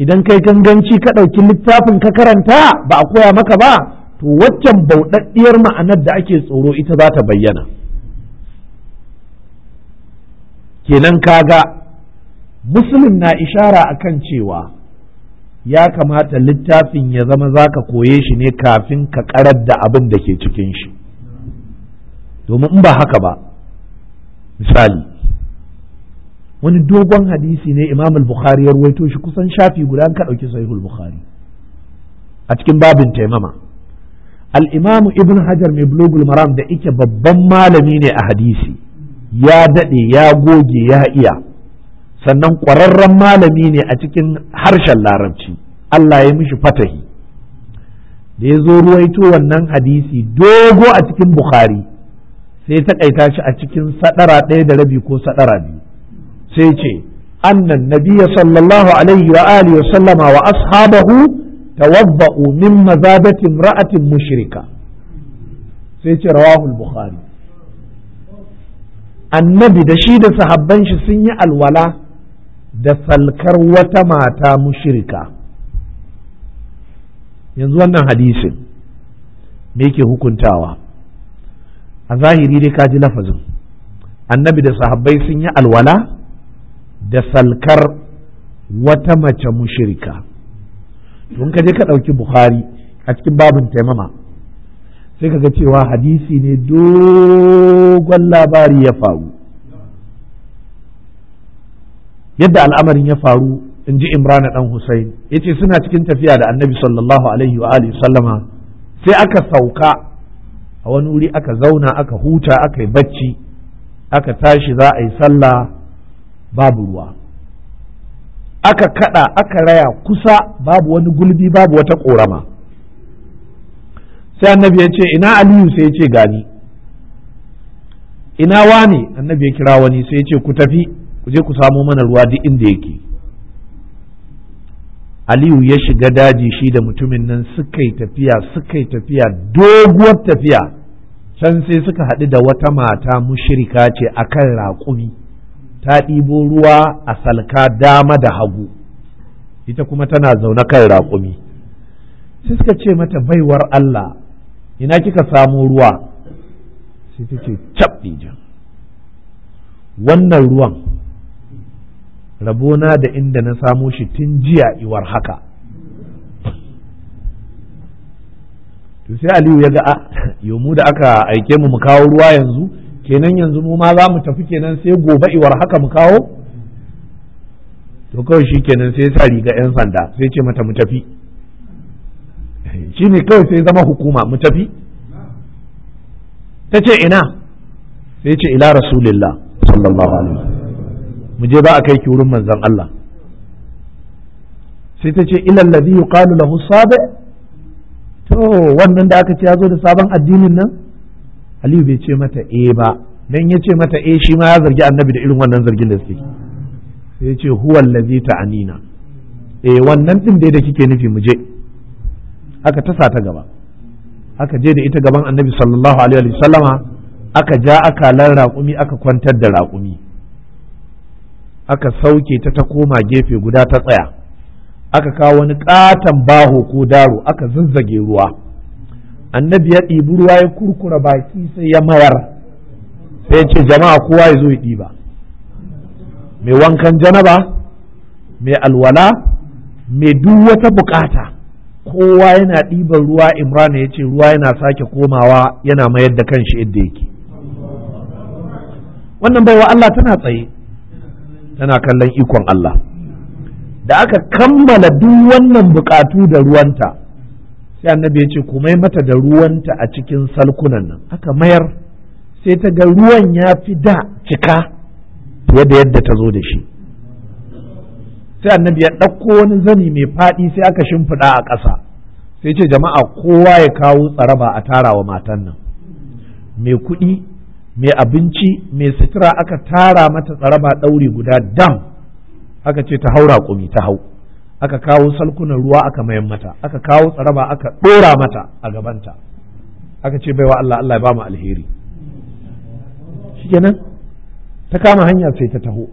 A: idan kai ganganci ka ɗauki littafin ka karanta ba a koya maka ba to waccan bauɗaɗɗiyar ma'anar da ake tsoro ita za ta bayyana kenan kaga Musulun na ishara a kan cewa ya kamata littafin ya zama za ka koye shi ne kafin ka karar da abin da ke cikin shi domin in ba haka ba misali wani dogon hadisi ne imam al-bukhari ya ruwaito shi kusan shafi guda ka ɗauki sahihul bukhari a cikin babin taimama al-imamu ibn hajar mai bulogul maram da ike babban malami ne a hadisi ya daɗe ya goge ya iya sannan ƙwararren malami ne a cikin harshen larabci Allah ya mishi fatahi da ya zo ruwaito wannan hadisi dogo a cikin bukhari sai ta ƙaita shi a cikin sadara ɗaya da rabi ko sadara biyu sai ce annan Nabiya sallallahu alaihi wa alihi sallama wa ashabahu tawabba'u min mazabati imra'atin mushrika sai ce rawahul bukhari annabi da shi da sahabban shi sun yi alwala da salkar wata mata mushrika yanzu wannan hadisin me yake hukuntawa a zahiri dai kaji lafazin annabi da sahabbai sun yi alwala da salkar wata mace mushirika tun ka je ka ɗauki bukhari a cikin babin taimama sai ka ga cewa hadisi ne dogon labari ya faru yadda al'amarin ya faru in ji imrana ɗan Hussein ya ce suna cikin tafiya da annabi sallallahu alaihi wa sallama sai aka sauka a wani wuri aka zauna aka huta aka yi bacci aka tashi za a yi sallah babu ruwa aka kada aka raya kusa babu wani gulbi babu wata korama sai annabi ya ce ina aliyu sai ya ce gani ina wani annabi ya kira wani sai ya ce ku tafi ku je ku samo mana ruwa duk inda yake aliyu ya shiga daji shi da mutumin nan suka yi tafiya suka yi tafiya doguwar tafiya can sai suka haɗu da wata mata mushirika ce akan raƙumi ta ɗibo ruwa a salka dama da hagu ita kuma tana zaune kan raƙumi sai suka ce mata baiwar Allah ina kika samo ruwa sai ta ce cap wannan ruwan rabona da inda na samo shi tun jiya iwar haka to sai aliyu ya ga a ah, yomu da aka aike mu mu kawo ruwa yanzu kenan yanzu mu ma za mu tafi kenan sai gobe iwar haka mu kawo to kawai shi kenan sai sa riga yan sanda sai ce mata mu tafi shi ne kawai sai zama hukuma mu tafi ta ce ina sai ce ila rasulillah sallallahu alaihi mu je ba a kai ki wurin manzon Allah sai ta ce ila alladhi yuqalu lahu sabi to wannan da aka ce ya zo da sabon addinin nan aliyu bai ce mata e ba dan ya ce mata eh shi ma ya zargi annabi da irin wannan zargin da suke sai ya ce huwa allazi ta'anina eh wannan din dai da kike nufi mu je aka tasa ta gaba aka je da ita gaban annabi sallallahu alaihi wa sallama aka ja akalan raƙumi aka kwantar da raƙumi aka sauke ta ta koma gefe guda ta tsaya aka kawo wani ƙaton baho ko daro aka zazzage ruwa annabi ya ɗibi ruwa ya kurkura baki sai ya mayar sai ya ce jama'a kowa ya zo ya ɗiba mai wankan janaba mai alwala mai duk wata bukata kowa yana ɗiban ruwa imrana ya ce ruwa yana sake komawa yana mayar da kanshi yadda yake wannan baiwa Allah tana tsaye tana kallon ikon Allah da aka kammala duk wannan bukatu da ruwanta sai annabi ya ce ku mai mata da ruwanta a cikin salkunan nan aka mayar sai ta ga ruwan ya fi da cika fiye da yadda ta zo da shi sai annabi ya ɗauko wani zani mai faɗi sai aka shimfiɗa a ƙasa sai ce jama'a kowa ya kawo tsaraba a tara wa matan nan mai kuɗi mai abinci mai sutura aka tara mata tsaraba ɗauri guda dam aka ce ta haura ƙumi ta hau aka kawo salkunan ruwa aka mayan mata aka kawo tsaraba aka ɗora mata a gabanta aka ce baiwa Allah Allah ya ba mu alheri shikenan ta kama hanya sai ta taho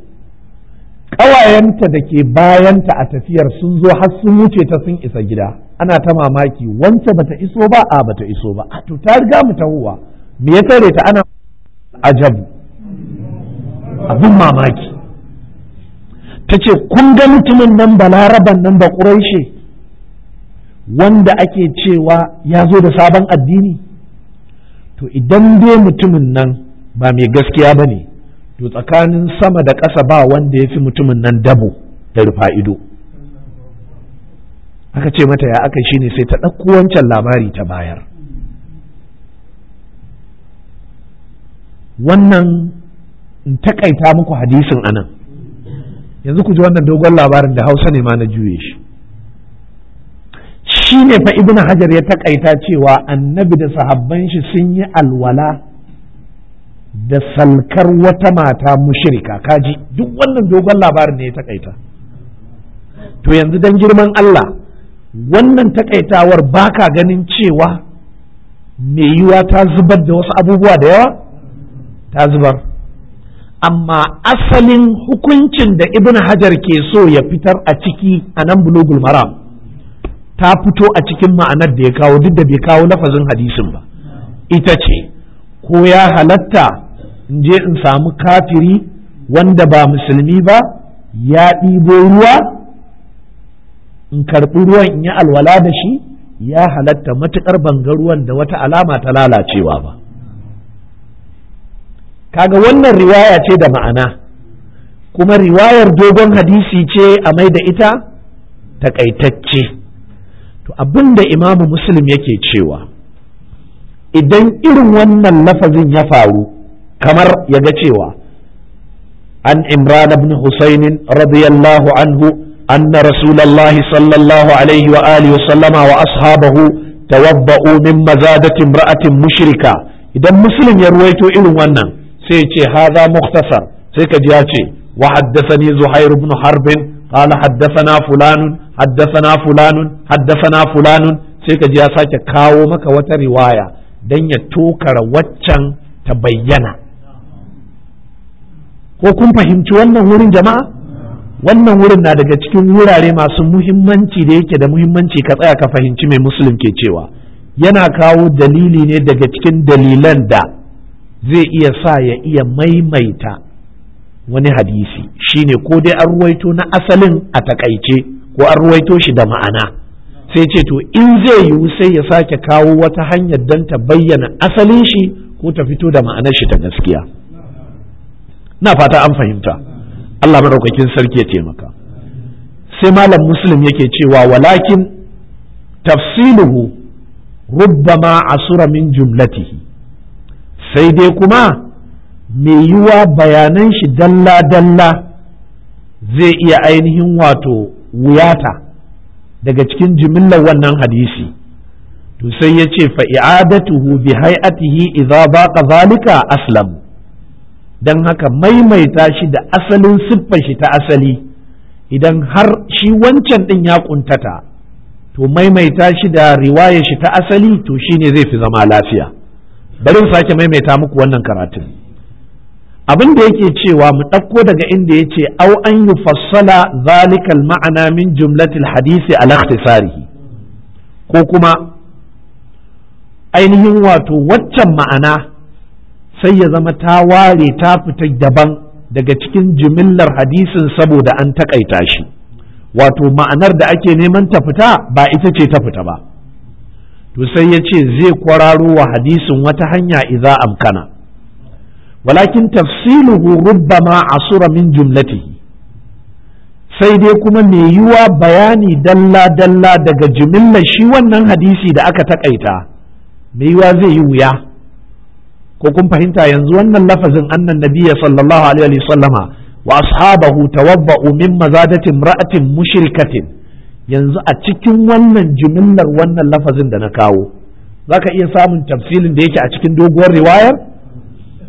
A: ƙawayenta da ke bayanta a tafiyar sun zo har sun wuce ta sun isa gida ana ta mamaki wance bata iso ba a bata iso ba a to ta riga mu tahowa me ya tare ta ana ajabu abin mamaki ta ce kun ga mutumin nan balaraban nan ba ƙuraishe wanda ake cewa ya zo da sabon addini to idan dai mutumin nan ba mai gaskiya ba ne to tsakanin sama da ƙasa ba wanda ya fi mutumin nan dabo da rufa ido aka ce mata ya aka shi ne sai ta ɗauko wancan labari ta bayar wannan in takaita muku hadisin anan yanzu ku ji wannan dogon labarin da hausa ne ma na juye shi shi ne fa ibn hajar ya takaita cewa annabi da sahabban shi sun yi alwala da salkar wata mata mushirika kaji duk wannan dogon labarin ne ya takaita to yanzu dan girman Allah wannan takaitawar baka ganin cewa mai yiwa ta zubar da wasu abubuwa da yawa ta zubar amma asalin hukuncin da ibn hajar ke so ya fitar a ciki a nan bulugul maram ta fito a cikin ma'anar da ya kawo duk da bai kawo lafazin hadisin ba ita ce ko ya halatta in je in samu kafiri wanda ba musulmi ba ya ɗibo ruwa in karɓi ruwan in yi alwala da shi ya halatta matuƙar bangar ruwan da wata alama ta lalacewa ba kaga wannan riwaya ce da ma'ana kuma riwayar dogon hadisi ce a mai da ita takaitacce to abin da imamu muslim yake cewa idan irin wannan lafazin ya faru kamar ya ga cewa an imran ibn husainin radiyallahu anhu أن رسول الله wa الله عليه وآله وسلم وأصحابه توضؤوا من مزادة امرأة مشركة إذا مسلم يرويت irin wannan. sai ce haza muktasar sai ka ji ya ce wa ne zuhair ibn harbin haddasa na fulanun haddathana fulanun na fulanun sai ka ji ya sake kawo maka wata riwaya dan ya tokara waccan ta bayyana ko kun fahimci wannan wurin jama'a wannan wurin na daga cikin wurare masu muhimmanci da yake da muhimmanci ka tsaya ka fahimci mai musulun ke cewa yana kawo dalili ne daga cikin dalilan da zai iya sa ya iya maimaita wani hadisi shine ko dai an ruwaito na asalin a takaice ko an ruwaito shi da ma'ana sai ce to in zai yiwu sai ya sake kawo wata hanyar don ta bayyana asalin shi ko ta fito da ma'anar shi ta gaskiya na fata an fahimta Allah maɗaukakin sarki ya taimaka sai malam muslim yake cewa walakin tafsiluhu rubbama asura min jumlatihi sai dai kuma mai yiwa bayanan shi dalla-dalla zai iya ainihin wato wuyata daga cikin jimillar wannan hadisi to sai ya ce fa'i'adatuhu bi hai'atihi idza baqa zalika aslam don haka maimaita shi da asalin siffar shi ta asali idan har shi wancan ɗin ya ƙuntata to maimaita shi da riwayar shi ta asali to shine zai fi zama lafiya bari mu sake maimaita muku wannan karatun abin da yake cewa mu ɗauko daga inda ya ce au an yi fassala zalikal ma'ana min jumlatil hadisi ala ko kuma ainihin wato waccan ma'ana sai ya zama ta ware ta fita daban daga cikin jimillar hadisin saboda an taƙaita shi wato ma'anar da ake neman ta fita ba ita ce ta fita ba to sai ya ce zai kwararo wa hadisin wata hanya idza amkana walakin tafsiluhu rubbama asura min jumlati. sai dai kuma mai yiwa bayani dalla dalla daga jimillar shi wannan hadisi da aka takaita mai yiwa zai yi wuya ko kun fahimta yanzu wannan lafazin annan nabiya sallallahu alaihi wa sallama wa ashabahu tawabba'u min mazadatin ra'atin mushrikatin yanzu a cikin wannan jimillar wannan lafazin da na kawo za ka iya samun tafsirin da yake a cikin doguwar riwayar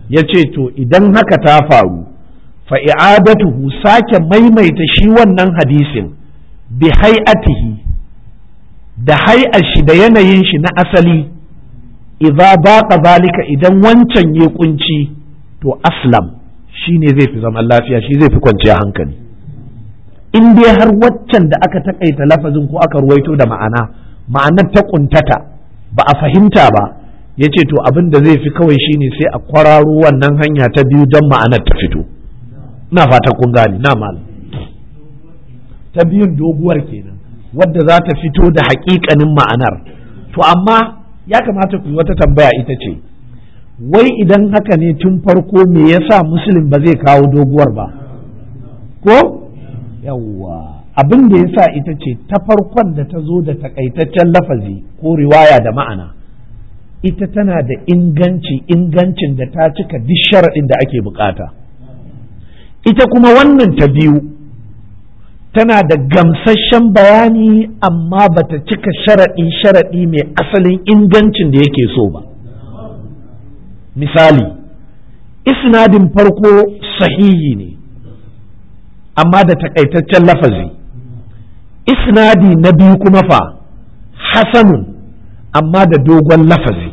A: ya ce to idan haka ta faru fa'i'adatuhu sake maimaita shi wannan hadisin bi hai'atihi da hai'ar shi da yanayin shi na asali ba ka zalika idan wancan ya kunci to aslam shi ne zai fi zaman lafiya shi zai fi kwanciya hankali in dai har waccan da aka takaita lafazin ko aka ruwaito da ma'ana ma'anar ta kuntata ba a fahimta ba ya ce to abin da zai fi kawai shine sai a kwararo wannan hanya ta biyu don ma'anar ta fito na fata kun gani na malam ta biyun doguwar kenan wadda za ta fito da haƙiƙanin ma'anar to amma ya kamata ku wata tambaya ita ce wai idan haka ne tun farko me yasa musulun ba zai kawo doguwar ba ko yawwa abin da yasa ita ce ta farkon da ta zo da takaitaccen lafazi ko riwaya da ma'ana ita tana da inganci ingancin da ta cika duk sharaɗin da ake bukata ita kuma wannan ta biyu tana da gamsasshen bayani amma bata cika sharaɗi sharaɗi mai asalin ingancin da yake so ba misali isnadin farko sahihi ne amma da takaitaccen lafazi isnadi na biyu kuma fa hasanun amma da dogon lafazi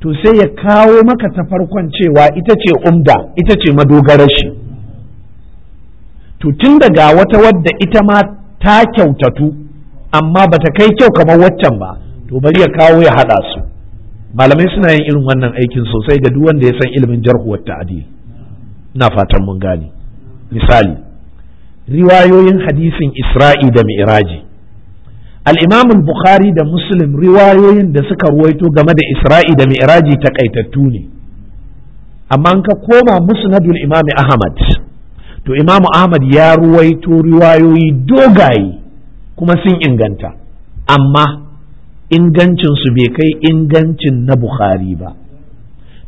A: to sai ya kawo maka ta farkon cewa ita ce umda ita ce madogarar shi to tun daga wata wadda ita ma ta kyautatu amma bata kai kyau kamar waccan ba to bari ya kawo ya haɗa su malamai suna yin irin wannan aikin sosai ga duk wanda ya san ilimin jarhuwar ta'adil ina fatan mun gani, misali riwayoyin hadisin isra'i da mi'raji al-imam bukhari da muslim riwayoyin da suka ruwaito game da isra'i da mi'raji takaitattu ne amma ka koma musnadul imam ahmad to imam ahmad ya ruwaito riwayoyi dogaye kuma sun inganta amma ingancinsu bai kai ingancin na bukhari ba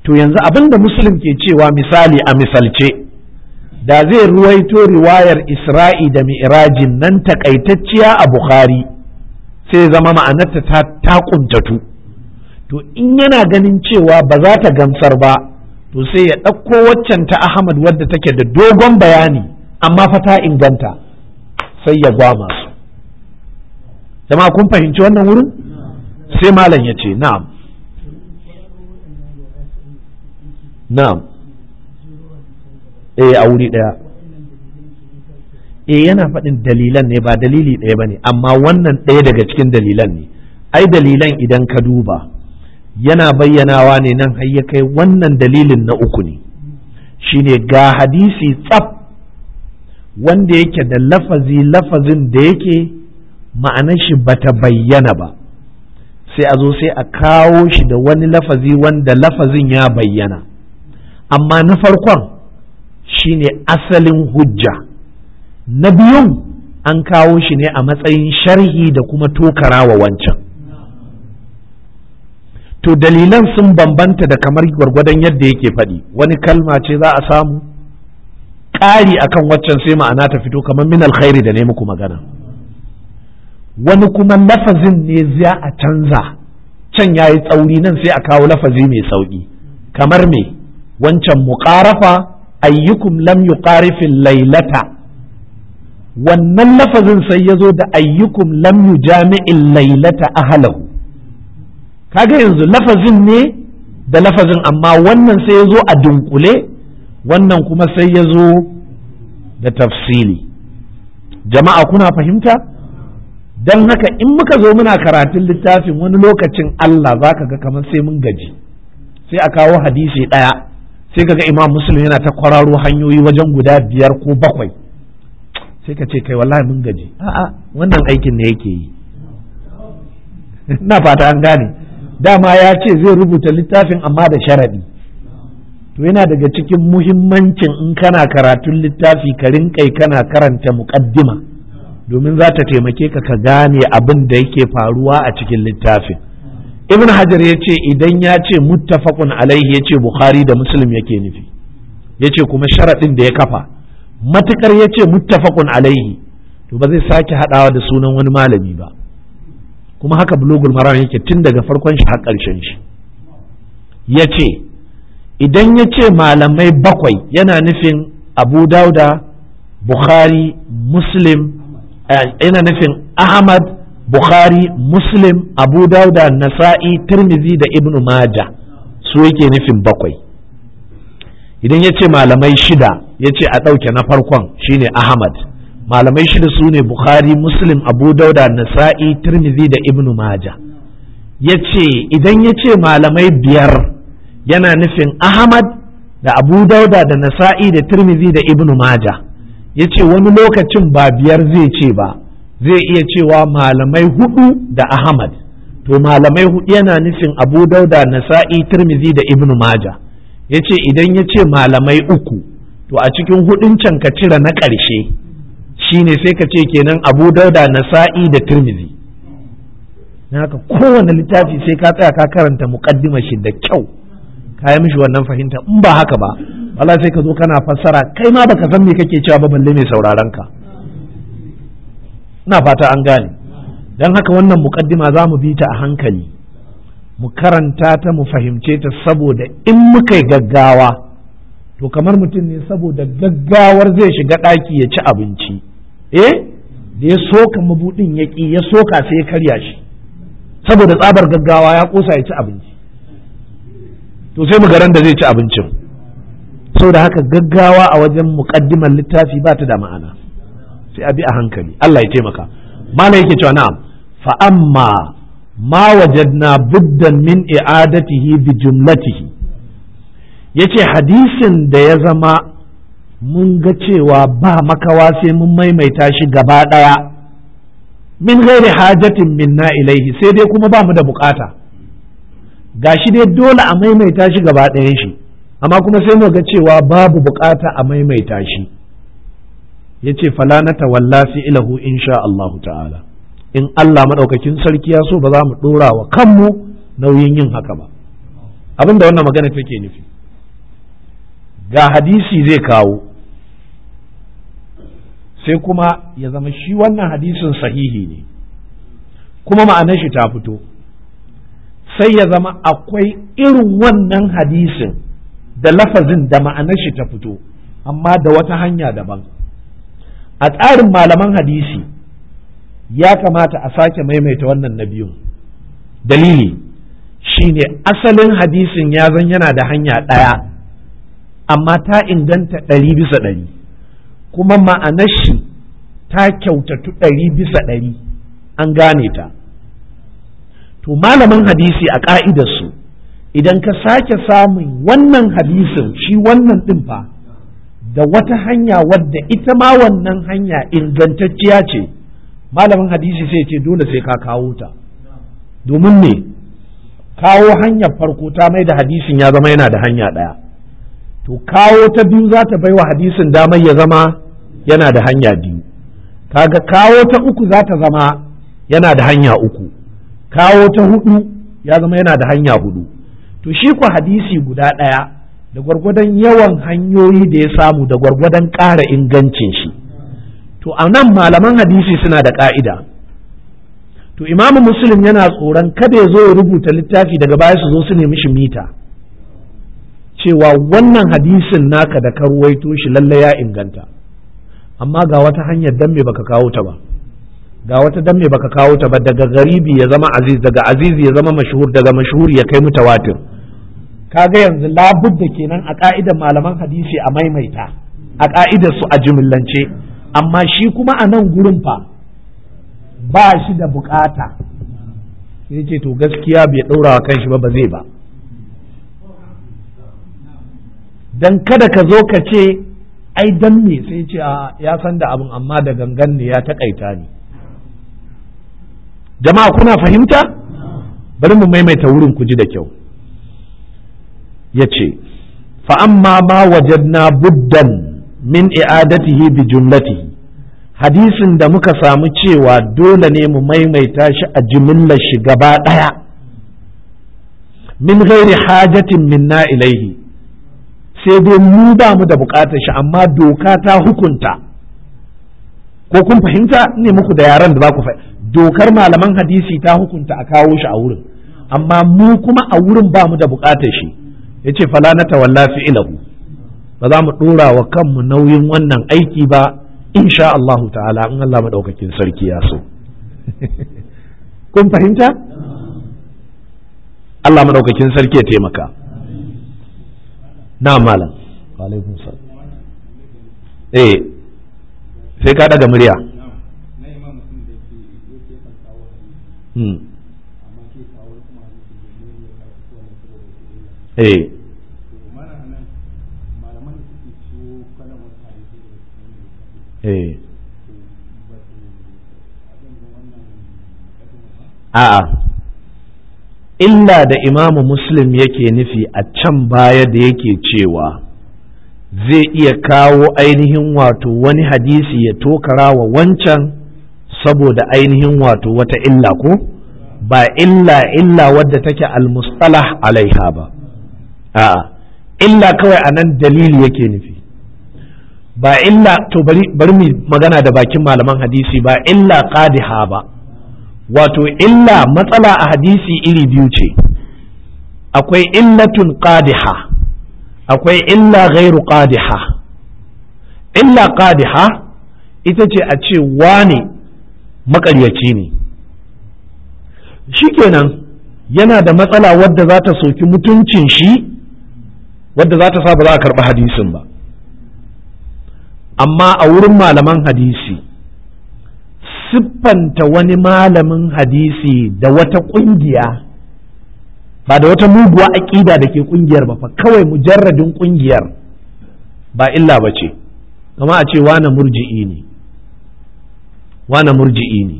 A: to yanzu abinda da muslim ke cewa misali a misalce da zai ruwaito riwayar isra'i da mi'rajin nan takaitacciya a bukhari sai zama ma'anarta ta ta kuntatu to in yana ganin cewa ba za ta gamsar ba to sai ya ɗauko waccan ta ahmad wadda take da dogon bayani amma fa ta inganta sai ya gwama su jama'a kun fahimci wannan wurin sai malam ya ce na'am na'am eh a wuri ɗaya eh yana faɗin dalilan ne ba dalili ɗaya ba ne amma wannan ɗaya daga cikin dalilan ne ai dalilan idan ka duba yana bayyanawa ne nan har ya kai wannan dalilin na uku ne shine ga hadisi tsaf wanda yake da lafazi lafazin da yake ma'anar shi bata bayyana ba sai a zo sai a kawo shi da wani lafazi wanda lafazin ya bayyana amma na farkon Shi ne asalin hujja na biyun an kawo shi ne a matsayin sharhi da kuma tokarawa wancan to dalilan sun bambanta da kamar gwargwadon yadda yake faɗi wani kalma ce za a samu ƙari a kan waccan sai ma'ana ta fito kamar min alkhairi da ne muku magana wani kuma lafazin ne za a canza can ya yi tsauri nan sai a kawo lafazi mai sauƙi kamar mai wancan muƙarafa ayyukum lam yuqarifil lailata wannan lafazin sai ya zo da ayyukum lam yujami'il lailata ahlahu kaga yanzu lafazin ne da lafazin amma wannan sai ya zo a dunkule wannan kuma sai ya zo da tafsili jama'a kuna fahimta don haka in muka zo muna karatun littafin wani lokacin Allah za ka ga kamar sai mun gaji sai a kawo hadisi ɗaya sai ga imam muslim yana ta kwararo hanyoyi wajen guda biyar ko bakwai sai ka ce kai wallahi mun gaji a'a wannan aikin ne yake yi na fata an gane dama ya ce zai rubuta littafin amma da sharadi to yana daga cikin muhimmancin in kana karatun littafi ka rinkai kana karanta muqaddima domin za ta taimake ka ka gane abin da yake faruwa a cikin littafin ibn hajar ya ce idan ya ce muttafaqun alaihi ya ce bukhari da muslim yake nufi ya ce kuma sharaɗin da ya kafa matukar ya ce muttafaqun alaihi to ba zai sake haɗawa da sunan wani malami ba kuma haka bulugul maran yake tun daga farkon shi har ƙarshen shi ya ce idan ya ce malamai bakwai yana nufin abu dauda bukhari muslim eh, yana nufin ahmad bukhari muslim abu dauda nasa'i tirmizi da Ibn maja su yake nufin bakwai idan ya ce malamai shida ya ce a ɗauke na farkon shine ahmad malamai shida su ne bukhari muslim abu dauda nasa'i tirmizi da Ibn maja ya ce idan ya ce malamai biyar yana nufin ahmad da abu dauda da nasa'i da tirmizi da Ibn maja ya ce wani lokacin ba biyar zai ce ba zai iya cewa malamai hudu da ahmad to malamai hudu yana nufin abu dauda nasa'i tirmizi da ibn maja ya ce idan ya ce malamai uku to a cikin hudun can ka cire na ƙarshe shine sai ka ce kenan abu dauda nasa'i da tirmizi na haka kowane littafi sai ka tsaya ka karanta muƙaddimar da kyau ka yi mishi wannan fahimta in ba haka ba wala sai ka zo kana fassara kai ma baka san me kake cewa ba balle mai sauraron ka ina fata an gane don haka wannan muƙaddima za mu bi ta a hankali mu karanta ta mu fahimce ta saboda in muka yi gaggawa to kamar mutum ne saboda gaggawar zai shiga ɗaki ya ci abinci eh da ya soka mabuɗin ya ƙi ya soka sai ya karya shi saboda tsabar gaggawa ya ƙosa ya ci abinci to sai mu garan da zai ci abincin saboda haka gaggawa a wajen muƙaddimar littafi ba ta da ma'ana sai a bi a hankali Allah ya taimaka malam yake cewa na'am fa amma ma wajadna buddan min i'adatihi bi jumlatihi yace hadisin da ya zama mun ga cewa ba makawa sai mun maimaita shi gaba daya min ghairi hajatin minna ilaihi sai dai kuma ba mu da bukata gashi dai dole a maimaita shi gaba ɗayan shi amma kuma sai mu ga cewa babu bukata a maimaita shi Ya ce fala na tawalla in insha Allah ta'ala in Allah madaukakin sarki ya so ba za mu ɗora wa kanmu nauyin yin haka ba abin da wannan magana take nufi ga hadisi zai kawo sai kuma ya zama shi wannan hadisin sahihi ne kuma ma'anar shi ta fito sai ya zama akwai irin wannan hadisin da lafazin da ma'anar shi ta fito amma da wata hanya daban a tsarin malaman hadisi ya kamata a sake maimaita wannan na biyun dalili shine asalin hadisin ya zan yana da hanya ɗaya amma ta inganta ɗari bisa ɗari kuma ma'anar shi ta kyautatu ɗari bisa ɗari an gane ta to malaman hadisi a ƙa'idarsu idan ka sake samun wannan hadisin shi wannan ɗin fa da wata hanya wadda ita ma wannan hanya ingantacciya ce malamin hadisi sai ce dole sai ka kawo ta domin ne, kawo hanyar farko ta mai da hadisin ya zama yana da hanya ɗaya to kawo ta biyu za ta bai wa hadisin damar ya zama yana da hanya biyu kaga kawo ta uku za ta zama yana da hanya uku kawo ta hudu ya zama yana da hanya hudu to shi ku hadisi guda ɗaya da gwargwadon yawan hanyoyi da ya samu da gwargwadon ƙara ingancin shi to a nan malaman hadisi suna da ƙa'ida to imamu muslim yana tsoron kada ya zo ya rubuta littafi daga baya su zo su nemi shi mita cewa wannan hadisin naka da ka ruwaito shi lalle ya inganta amma ga wata hanyar dan me baka kawo ta ba ga wata dan me baka kawo ta ba daga garibi ya zama aziz daga azizi ya zama mashhur daga mashhur ya kai mutawatir Ka ga yanzu labudda kenan a ka'idar malaman hadisi a maimaita a ka'idar su a jimillance amma shi kuma a nan gurin fa ba shi da bukata sai ce to gaskiya bai ɗaura kan shi ba ba zai ba dan kada ka zo ka ce ai dan me sai ce a ya san da abin amma da gangan ne ya taƙaita ni jama'a kuna fahimta bari mu maimaita wurin ku ji da kyau ya ce fa'amma ma wajadna buddan min i'adatihi bi jumlati hadisin da muka samu cewa dole ne mu maimaita shi a jimillar shi gaba ɗaya min gairi hajatin minna ilaihi sai dai mu ba mu da bukatar shi amma doka ta hukunta ko kun fahimta ne muku da yaran da za ku dokar malaman hadisi ta hukunta a kawo shi a wurin amma mu kuma a wurin ba mu da bukatar shi yace fala na tawalla fi'lahu ba za mu dora wa kanmu nauyin wannan aiki ba insha Allahu ta'ala in Allah madaukakin sarki ya so kun fahimta Allah madaukakin sarki ya taimaka na malam alaikum salam eh sai ka daga murya hmm. eh Eh. a'a illa da imamu muslim yake nufi a can baya da yake cewa zai iya kawo ainihin wato wani hadisi ya tokara wa wancan saboda ainihin wato wata illa ko ba illa illa wadda take almustalah alaiha ba A'a, illa kawai a nan dalili yake nufi ba illa to bari bari mu magana da bakin malaman hadisi ba illa qadiha ba wato illa matsala a hadisi iri biyu ce akwai illatun qadiha akwai illa ghairu qadiha illa qadiha ita ce a ce wane makaryaci ne shikenan yana da matsala wadda za ta soki mutuncin shi wadda za ta sa ba za a karɓi hadisin ba amma a wurin malaman hadisi siffanta wani malamin hadisi da wata ƙungiya ba da wata muguwa aƙida da ke ƙungiyar ba fa kawai mujarradin ƙungiyar ba illa ba ce kama a ce wane murji'i ne wane murji'i ne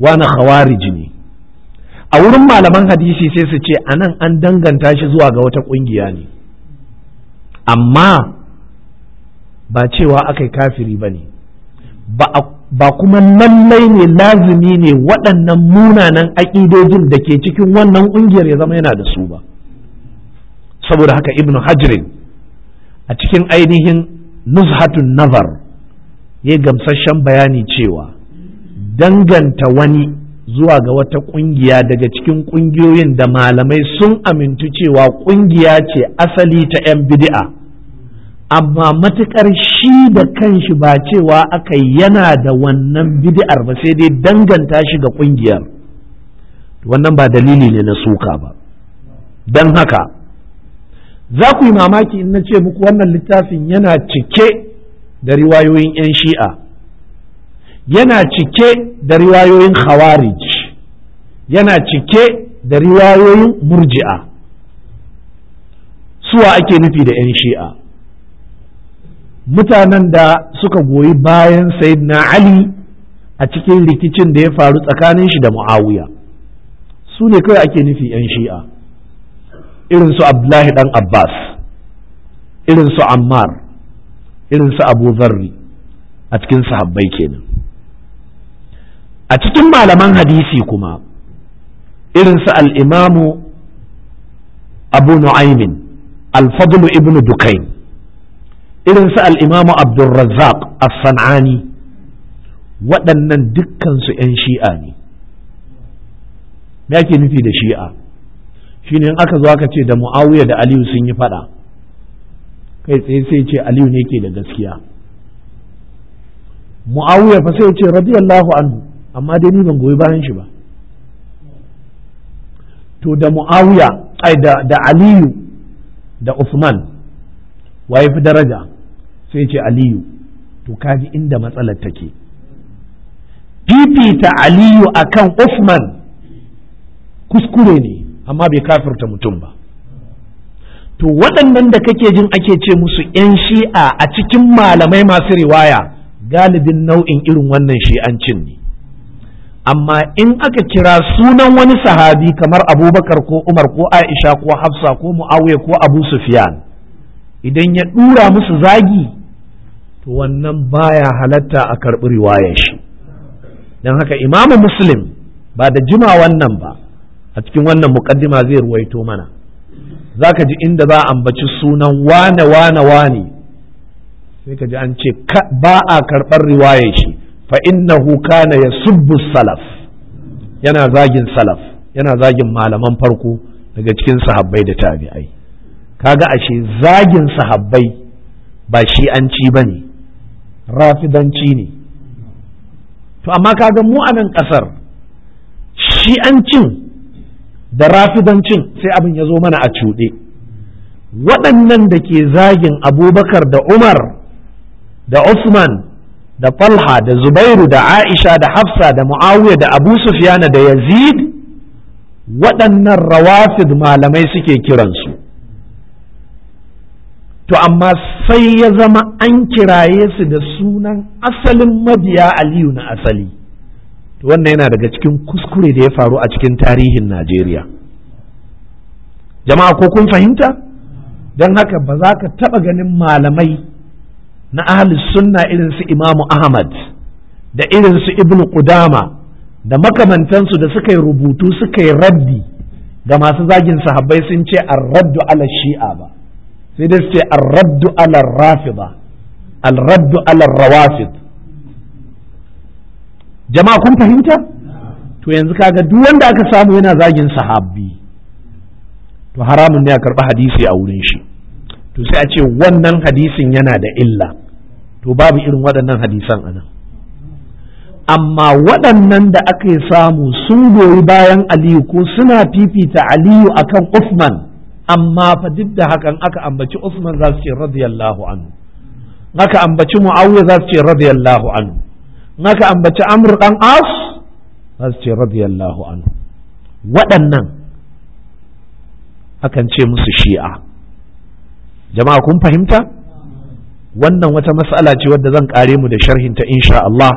A: wane khawariji ne a wurin malaman hadisi sai su ce anan an danganta shi zuwa ga wata ƙungiya ne amma ba cewa aka yi kafiri ba ne ba kuma lallai ne lazumi ne waɗannan munanan aƙidojin da ke cikin wannan ƙungiyar ya zama yana da su ba saboda haka ibnu hajrin a cikin ainihin nuzhatun nazar ya gamsashen bayani cewa danganta wani zuwa ga wata ƙungiya daga cikin ƙungiyoyin da malamai sun amintu cewa ƙungiya ce asali ta 'yan bidi'a. amma matukar shi da kanshi ba cewa aka yana da wannan bid'ar ba sai dai danganta shi ga kungiyar wannan ba dalili ne na suka ba don haka za ku yi mamaki in na ce muku wannan littafin yana cike da riwayoyin 'yan shi'a yana cike da riwayoyin khawarij yana cike da riwayoyin murji'a suwa ake nufi da 'yan shi'a mutanen da suka goyi bayan sayyidina ali a cikin rikicin da ya faru tsakanin shi da muawiya su ne kawai ake nufi 'yan shi'a irin su abdullahi dan abbas irin su ammar irin su abu zarri a cikin sahabbai kenan a cikin malaman hadisi kuma irin su al al'imamu abu nu'aimin al-fadlu ibnu dukain irin su al'imamu abdulrazzaq as-san'ani waɗannan dukkansu 'yan shi'a ne Ya ke nufi da shi'a shine in aka zo aka ce da mu'awiya da aliyu sun yi faɗa kai tsaye sai ce aliyu ne ke da gaskiya mu'awiya fa sai ce radiyallahu anhu amma dai ni ban goyi bayan shi ba to da mu'awiya ai da aliyu da usman waye fi daraja sai ce aliyu to kaji inda matsalar take ta aliyu akan Usman kuskure ne amma bai kafirta mutum ba to waɗannan da kake jin ake ce musu 'yan shi'a a cikin malamai masu riwaya galibin nau'in irin wannan shi'ancin ne amma in aka kira sunan wani sahabi kamar abubakar ko umar ko aisha ko hafsa ko mu'awiya ko abu sufyan idan ya ɗura musu zagi to wannan baya halatta a karɓi riwayar shi don haka imamu muslim ba da jima wannan ba a cikin wannan mukaddima zai ruwaito mana za ka ji inda za a ambaci sunan wane wane wane sai ka ji an ce ba a karɓar riwayar shi fa innahu kana ya subbu salaf yana zagin salaf yana zagin malaman farko daga cikin sahabbai da tabi'ai kaga ashe zagin sahabbai ba shi an ci bane rafidanci ne to amma ka kaga mu a nan ƙasar shi'ancin da rafidancin sai abin ya zo mana a cuɗe waɗannan da ke zagin abubakar da umar da usman da falha da zubairu da aisha da hafsa da mu'awiya da abu sufyana da yazid waɗannan rawafid malamai suke kiransu to amma sai ya zama an kiraye su da sunan asalin mabiya aliyu na asali wannan yana daga cikin kuskure da ya faru a cikin tarihin najeriya jama'a ko kun fahimta don haka ba za ka taɓa ganin malamai na ahli sunna irin su imamu ahmad da irin su ibnu Kudama da makamantansu da suka yi rubutu suka yi raddi ga masu zagin sahabbai sun ce an raddu ala shi'a ba sai dai ce arraddu raddu ala rafida alraddu raddu rawafid jama'a kun fahimta to yanzu kaga duk wanda aka samu yana zagin sahabbi to haramun ne a karɓi hadisi a wurin shi to sai a ce wannan hadisin yana da illa to babu irin waɗannan hadisan a nan amma waɗannan da aka samu sun goyi bayan aliyu ko suna fifita aliyu akan Uthman amma fa duk da hakan aka ambaci Usman za su ce radiyallahu anhu Naka ambaci Muawiya za su ce radiyallahu anhu Naka ambaci Amr dan As za su ce radiyallahu anhu waɗannan akan ce musu shi'a jama'a kun fahimta wannan wata mas'ala ce wadda zan kare mu da sharhin ta insha Allah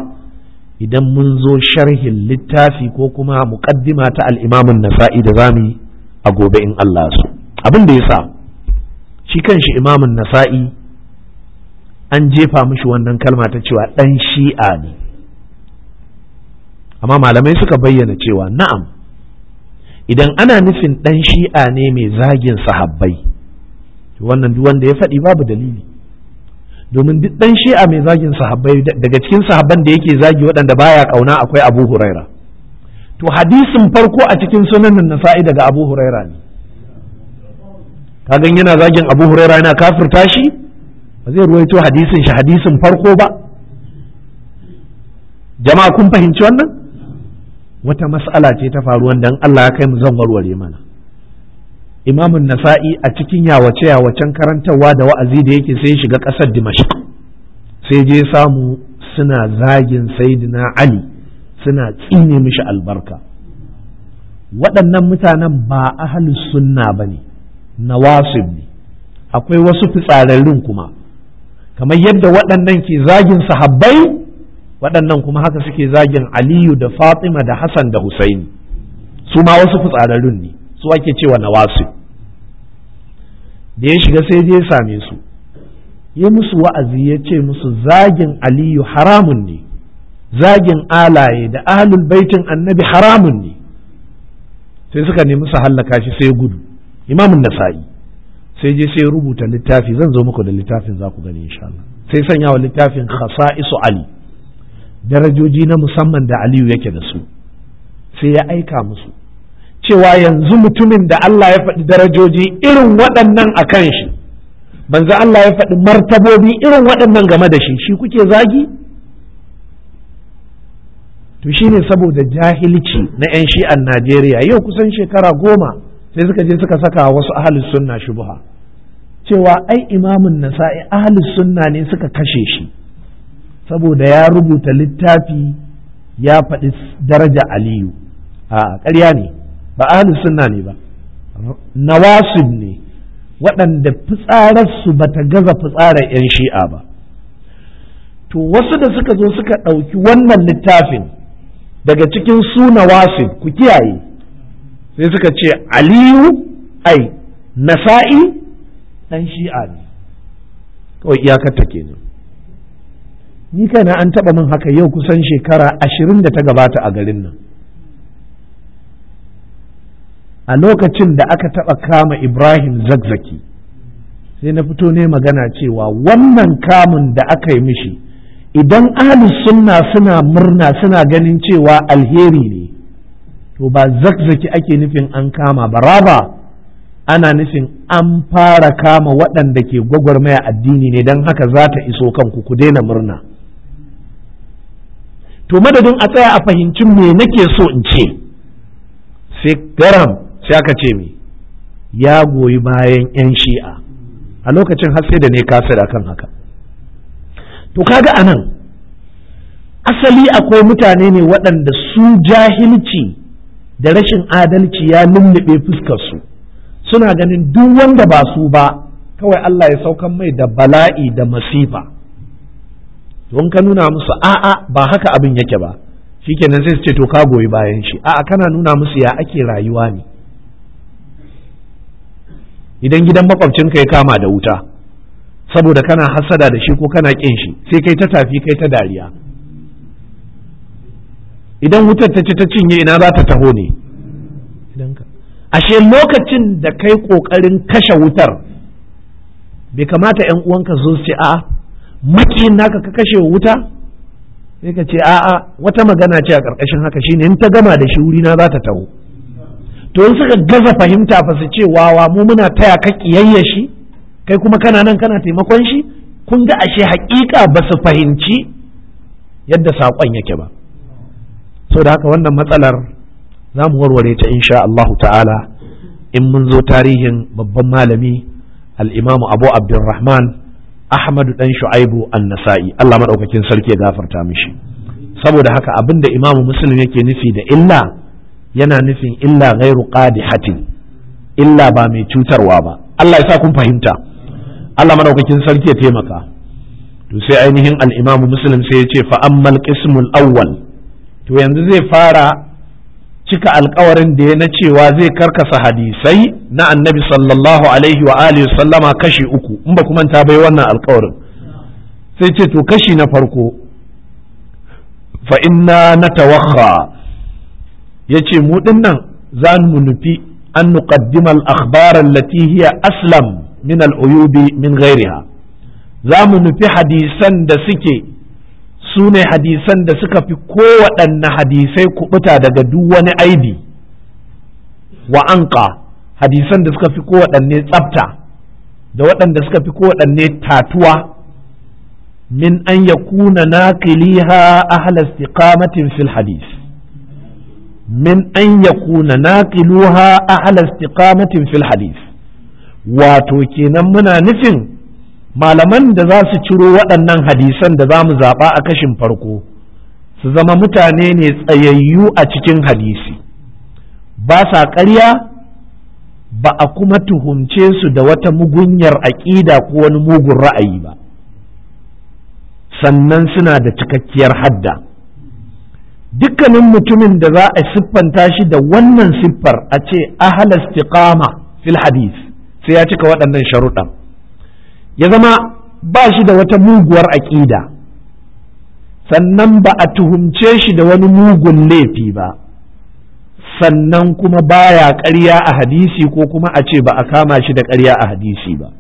A: idan mun zo sharhin littafi ko kuma muqaddima ta al-Imam an-Nasa'i da zamu a gobe in Allah so abin da ya sa shi kanshi imamun nasa'i an jefa mishi wannan kalma ta cewa ɗan shi'a ne amma malamai suka bayyana cewa na'am idan ana nufin ɗan shi'a ne mai zagin sahabbai wannan duk wanda ya faɗi babu dalili domin duk ɗan shi'a mai zagin sahabbai daga cikin sahabban da yake zagi waɗanda baya ƙauna akwai abu huraira to hadisin farko a cikin sunan nasa'i daga abu huraira ne gan yana zagin abu huraira yana kafirta shi ba zai ruwaito hadisin shi hadisin farko ba jama'a kun fahimci wannan wata mas'ala ce ta faruwan dan Allah ya kai mu zan warware mana imamun nasa'i a cikin yawace yawacen karantarwa da wa'azi da yake sai shiga ƙasar dimashq sai je samu suna zagin sayyidina ali suna tsine mishi albarka waɗannan mutanen ba ahalus sunna ba ne nawasib ne akwai wasu fitsararrun kuma kamar yadda waɗannan ke zagin sahabbai waɗannan kuma haka suke zagin aliyu da fatima da hassan da husaini su ma wasu fitsararrun ne su ake cewa nawasib da ya shiga sai ya same su ya musu wa'azi ya ce musu zagin aliyu haramun ne zagin alaye da ahalul baitin annabi haramun ne sai suka nemi su hallaka shi sai gudu imamun nasa'i sai je sai rubuta littafi zan zo muku da littafin za ku gani insha Allah sai sanya wa littafin khasa'isu ali darajoji na musamman da aliyu yake da su sai ya aika musu cewa yanzu mutumin da Allah ya faɗi darajoji irin waɗannan a kan shi banza Allah ya faɗi martabobi irin waɗannan game da shi shi kuke zagi to shine saboda jahilci na 'yan shi'an Najeriya yau kusan shekara goma sai suka je suka saka wasu ahalus sunna shubha cewa ai imamun nasa'i ahalus sunna ne suka kashe shi saboda ya rubuta littafi ya faɗi daraja aliyu a ƙarya ne ba ahalus sunna ne ba nawasib ne waɗanda fitsararsu ba ta gaza fitsarar 'yan shi'a ba to wasu da suka zo suka ɗauki wannan littafin daga cikin su nawasib ku kiyaye sai suka ce aliyu ai nasa'i dan shi'a ne kawai iyakarta kenan ni kaina an taɓa min haka yau kusan shekara ashirin da ta gabata a garin nan a lokacin da aka taɓa kama ibrahim zakzaki sai na fito ne magana cewa wannan kamun da aka yi mishi idan ahlus sunna suna murna suna ganin cewa alheri ne to ba zakzaki ake nufin an kama ba raba ana nufin an fara kama waɗanda ke gwagwarmaya addini ne don haka za ta iso kanku ku daina murna to madadin a tsaya a fahimcin me nake so in ce sai garam sai aka ce mi ya goyi bayan 'yan shi'a a lokacin har sai da ne da kan haka to kaga anan asali akwai mutane ne waɗanda su jahilci da rashin adalci ya lullube fuskarsu suna ganin duk wanda ba su ba kawai Allah ya saukan mai da bala'i da masifa don ka nuna musu a'a ba haka abin yake ba shikenan sai su ce to ka goyi bayan shi a'a kana nuna musu ya ake rayuwa ne idan gidan makwabcinka ya kama da wuta saboda kana hasada da shi ko kana kin shi sai kai ta tafi kai ta dariya idan wutar ta ci ta cinye ina za ta taho ne ashe lokacin da kai kokarin kashe wutar bai kamata yan uwanka su ce a maki naka ka kashe wuta sai ka ce a'a wata magana ce a karkashin haka shine in ta gama da shi wuri na za ta taho to in suka gaza fahimta fa su ce wawa mu muna taya ka kiyayya shi kai kuma kana nan kana taimakon shi kun ga ashe hakika ba su fahimci yadda saƙon yake ba da haka wannan matsalar za mu warware ta insha Allahu ta'ala in mun zo tarihin babban malami al'imamu abu abdulrahman ahmadu dan shu'aibu an-nasa'i Allah maɗaukakin sarki ya gafarta mishi saboda haka abin da imamu musulun yake nufi da illa yana nufin illa ghairu hati illa ba mai cutarwa ba Allah ya sa kun fahimta Allah maɗaukakin sarki ya taimaka to sai ainihin al'imamu musulun sai ya ce fa'ammal ammal awwal to yanzu zai fara cika alkawarin da ya na cewa zai karkasa hadisai na annabi sallallahu alaihi wa alihi sallama kashi uku in ba kuma ta bai wannan alkawarin sai ce to kashi na farko fa inna Ya yace mu dinnan za mu nufi an nuqaddima al-akhbar allati hiya aslam min al-uyubi min ghairiha za mu nufi hadisan da suke su ne hadisan da suka fi kowaɗanne hadisai kuɓuta daga duk wani aibi wa anka hadisan da suka fi kowaɗanne tsafta da waɗanda suka fi kowaɗanne tatuwa min an ya kuna naƙiliha a istiqamatin fil hadis min an ya kuna naƙiluha fil hadis wato kenan muna nufin malaman da za su ciro waɗannan hadisan da za mu zaɓa a kashin farko su zama mutane ne tsayayyu a cikin hadisi ba sa ƙarya ba a kuma tuhumce su da wata mugunyar aƙida ko wani mugun ra'ayi ba sannan suna da cikakkiyar hadda dukkanin mutumin da za a siffanta shi da wannan siffar a ce ahal istiqama fil hadis sai ya cika waɗannan sharuɗan ya zama ba shi da wata muguwar aƙida sannan ba a tuhumce shi da wani mugun laifi ba sannan kuma baya ƙarya a hadisi ko kuma a ce ba a kama shi da ƙarya a hadisi ba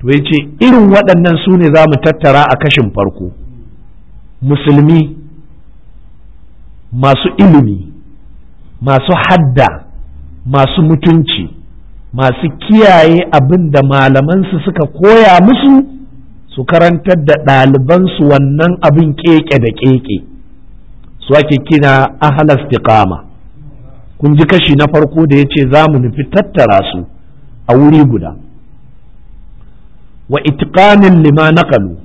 A: to ya ce irin waɗannan su ne za mu tattara a kashin farko musulmi masu ilimi masu hadda masu mutunci masu kiyaye abin da malamansu suka koya musu su karantar da ɗalibansu wannan abin keke da keke su ake kina ahal istiqama kun ji kashi na farko da ya ce za mu nufi tattara su a wuri guda wa itqanin lima naqalu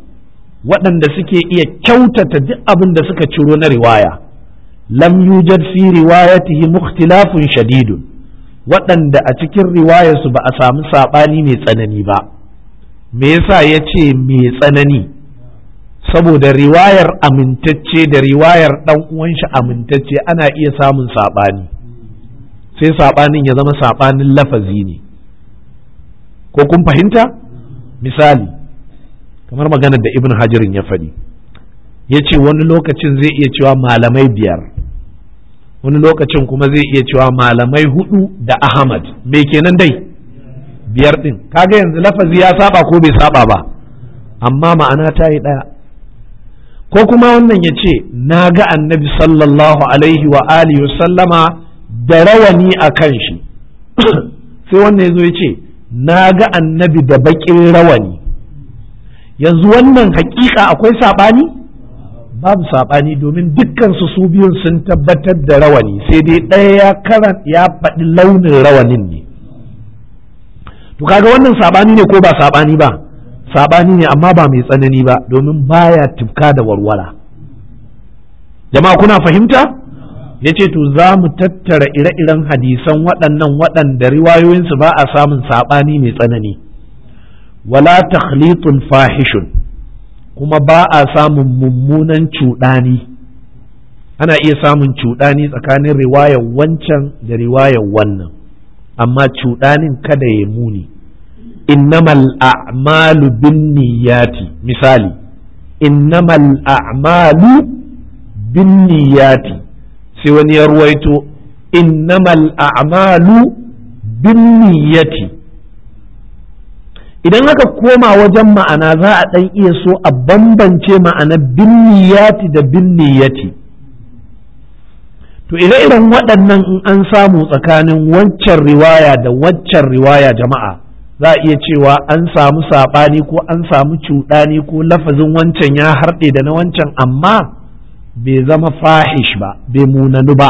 A: waɗanda suke iya kyautata duk abin da suka ciro na riwaya lam yujad fi riwayatihi mukhtilafun shadidun waɗanda a cikin riwayarsu ba a samu saɓani mai tsanani ba me yasa ya ce mai tsanani saboda riwayar amintacce da riwayar ɗan shi amintacce ana iya samun saɓani sai saɓanin ya zama saɓanin lafazi ne ko kun fahimta misali kamar maganar da ibn Hajirin ya faɗi ya ce wani lokacin zai iya cewa malamai biyar wani lokacin kuma zai iya cewa malamai hudu da ahmad me kenan dai biyar din kaga yanzu lafazi ya saba ko bai saba ba amma ma'ana ta yi ɗaya ko kuma wannan ya ce na ga annabi sallallahu alaihi wa alihi sallama da rawani a kan shi sai wannan ya zo ya ce na ga annabi da baƙin rawani yanzu wannan hakika akwai saɓani babu saɓani domin dukkansu su biyun sun tabbatar da rawani sai dai ɗaya ya karan ya faɗi launin rawanin ne to kaga wannan saɓani ne ko ba saɓani ba saɓani ne amma ba mai tsanani ba domin baya tufka da warwara jama'a kuna fahimta ya ce to za mu tattara ire-iren hadisan waɗannan waɗanda riwayoyinsu ba a samun saɓani mai tsanani wala takhlitun fahishun kuma ba a samun mummunan cuɗani ana iya samun cuɗani tsakanin riwayar wancan da riwayar wannan amma cuɗanin kada ya muni innamal a'malu bin niyyati misali innamal a'malu bin niyyati sai wani ya ruwaito innamal a'malu bin niyyati idan aka koma wajen ma'ana za a ɗan iya so a bambance ma'ana binniyati da binniyati to ire-iren waɗannan in an samu tsakanin wancan riwaya da waccan riwaya jama'a za a iya cewa an samu saɓani ko an samu cuɗani ko lafazin wancan ya harɗe da na wancan amma bai zama fahish ba bai munanu ba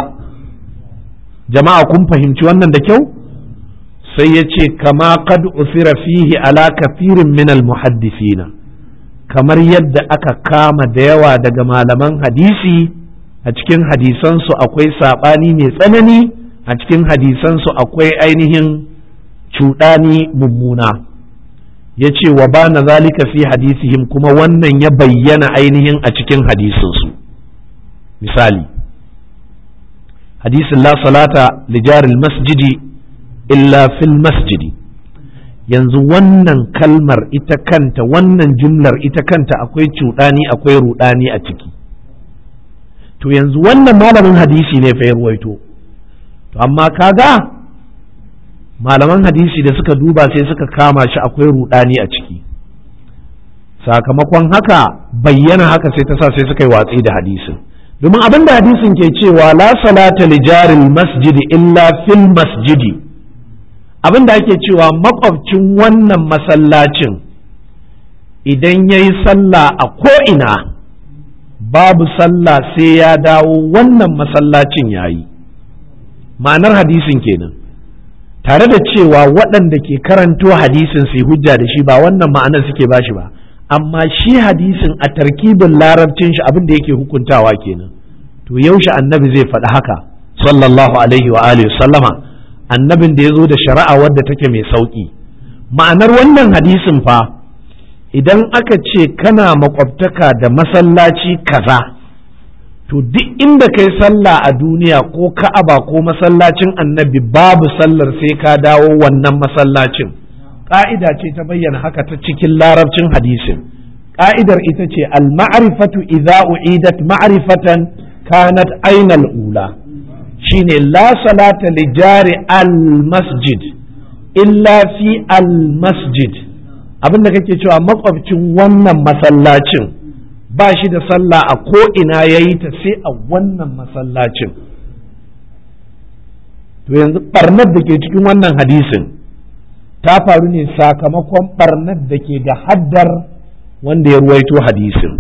A: jama'a kun fahimci wannan da kyau sai ya ce kama qad usira fihi ala kathirin min al muhaddisina kamar yadda aka kama da yawa daga malaman hadisi a cikin hadisansu akwai saɓani mai tsanani a cikin hadisansu akwai ainihin cuɗani mummuna ya ce wa ba na zalika fi hadisihim kuma wannan ya bayyana ainihin a cikin hadisinsu misali hadisin la salata lijaril masjidi illa fil masjidi yanzu wannan kalmar ita kanta wannan jumlar ita kanta akwai cuɗani akwai ruɗani a ciki to yanzu wannan malamin hadisi ne fa ruwaito to amma kaga malaman hadisi da suka duba sai suka kama shi akwai ruɗani a ciki sakamakon haka bayyana haka sai ta sa sai suka yi watsi da hadisin domin abinda hadisin ke cewa la salata li masjidi illa fil masjidi abin da ake cewa makwabcin wannan masallacin idan ya yi sallah a ko'ina babu sallah sai ya dawo wannan masallacin ya yi ma'anar hadisin kenan tare da cewa waɗanda ke karanto hadisin su hujja da shi ba wannan ma'anar suke ba shi ba amma shi hadisin a tarkibin larabcin shi abin da yake hukuntawa kenan to yaushe annabi zai faɗi haka sallallahu alaihi wa alihi sallama annabin da ya zo da shari'a wadda take mai sauƙi ma'anar wannan hadisin fa idan aka ce kana makwabtaka da masallaci kaza to duk inda kai sallah a duniya ko ka'aba ko masallacin annabi babu sallar sai ka dawo wannan masallacin ƙa'ida ce ta bayyana haka ta cikin larabcin hadisin ƙa'idar ita ce al-ma'rifatu idza u'idat ma'arifatan kanat ainal ula shine la salata li jari al masjid illa fi al masjid abinda kake cewa makwabcin wannan masallacin ba shi da sallah a ko ina yayi ta sai a wannan masallacin to yanzu barnar da ke cikin wannan hadisin ta faru ne sakamakon barnar da ke da haddar wanda ya ruwaito hadisin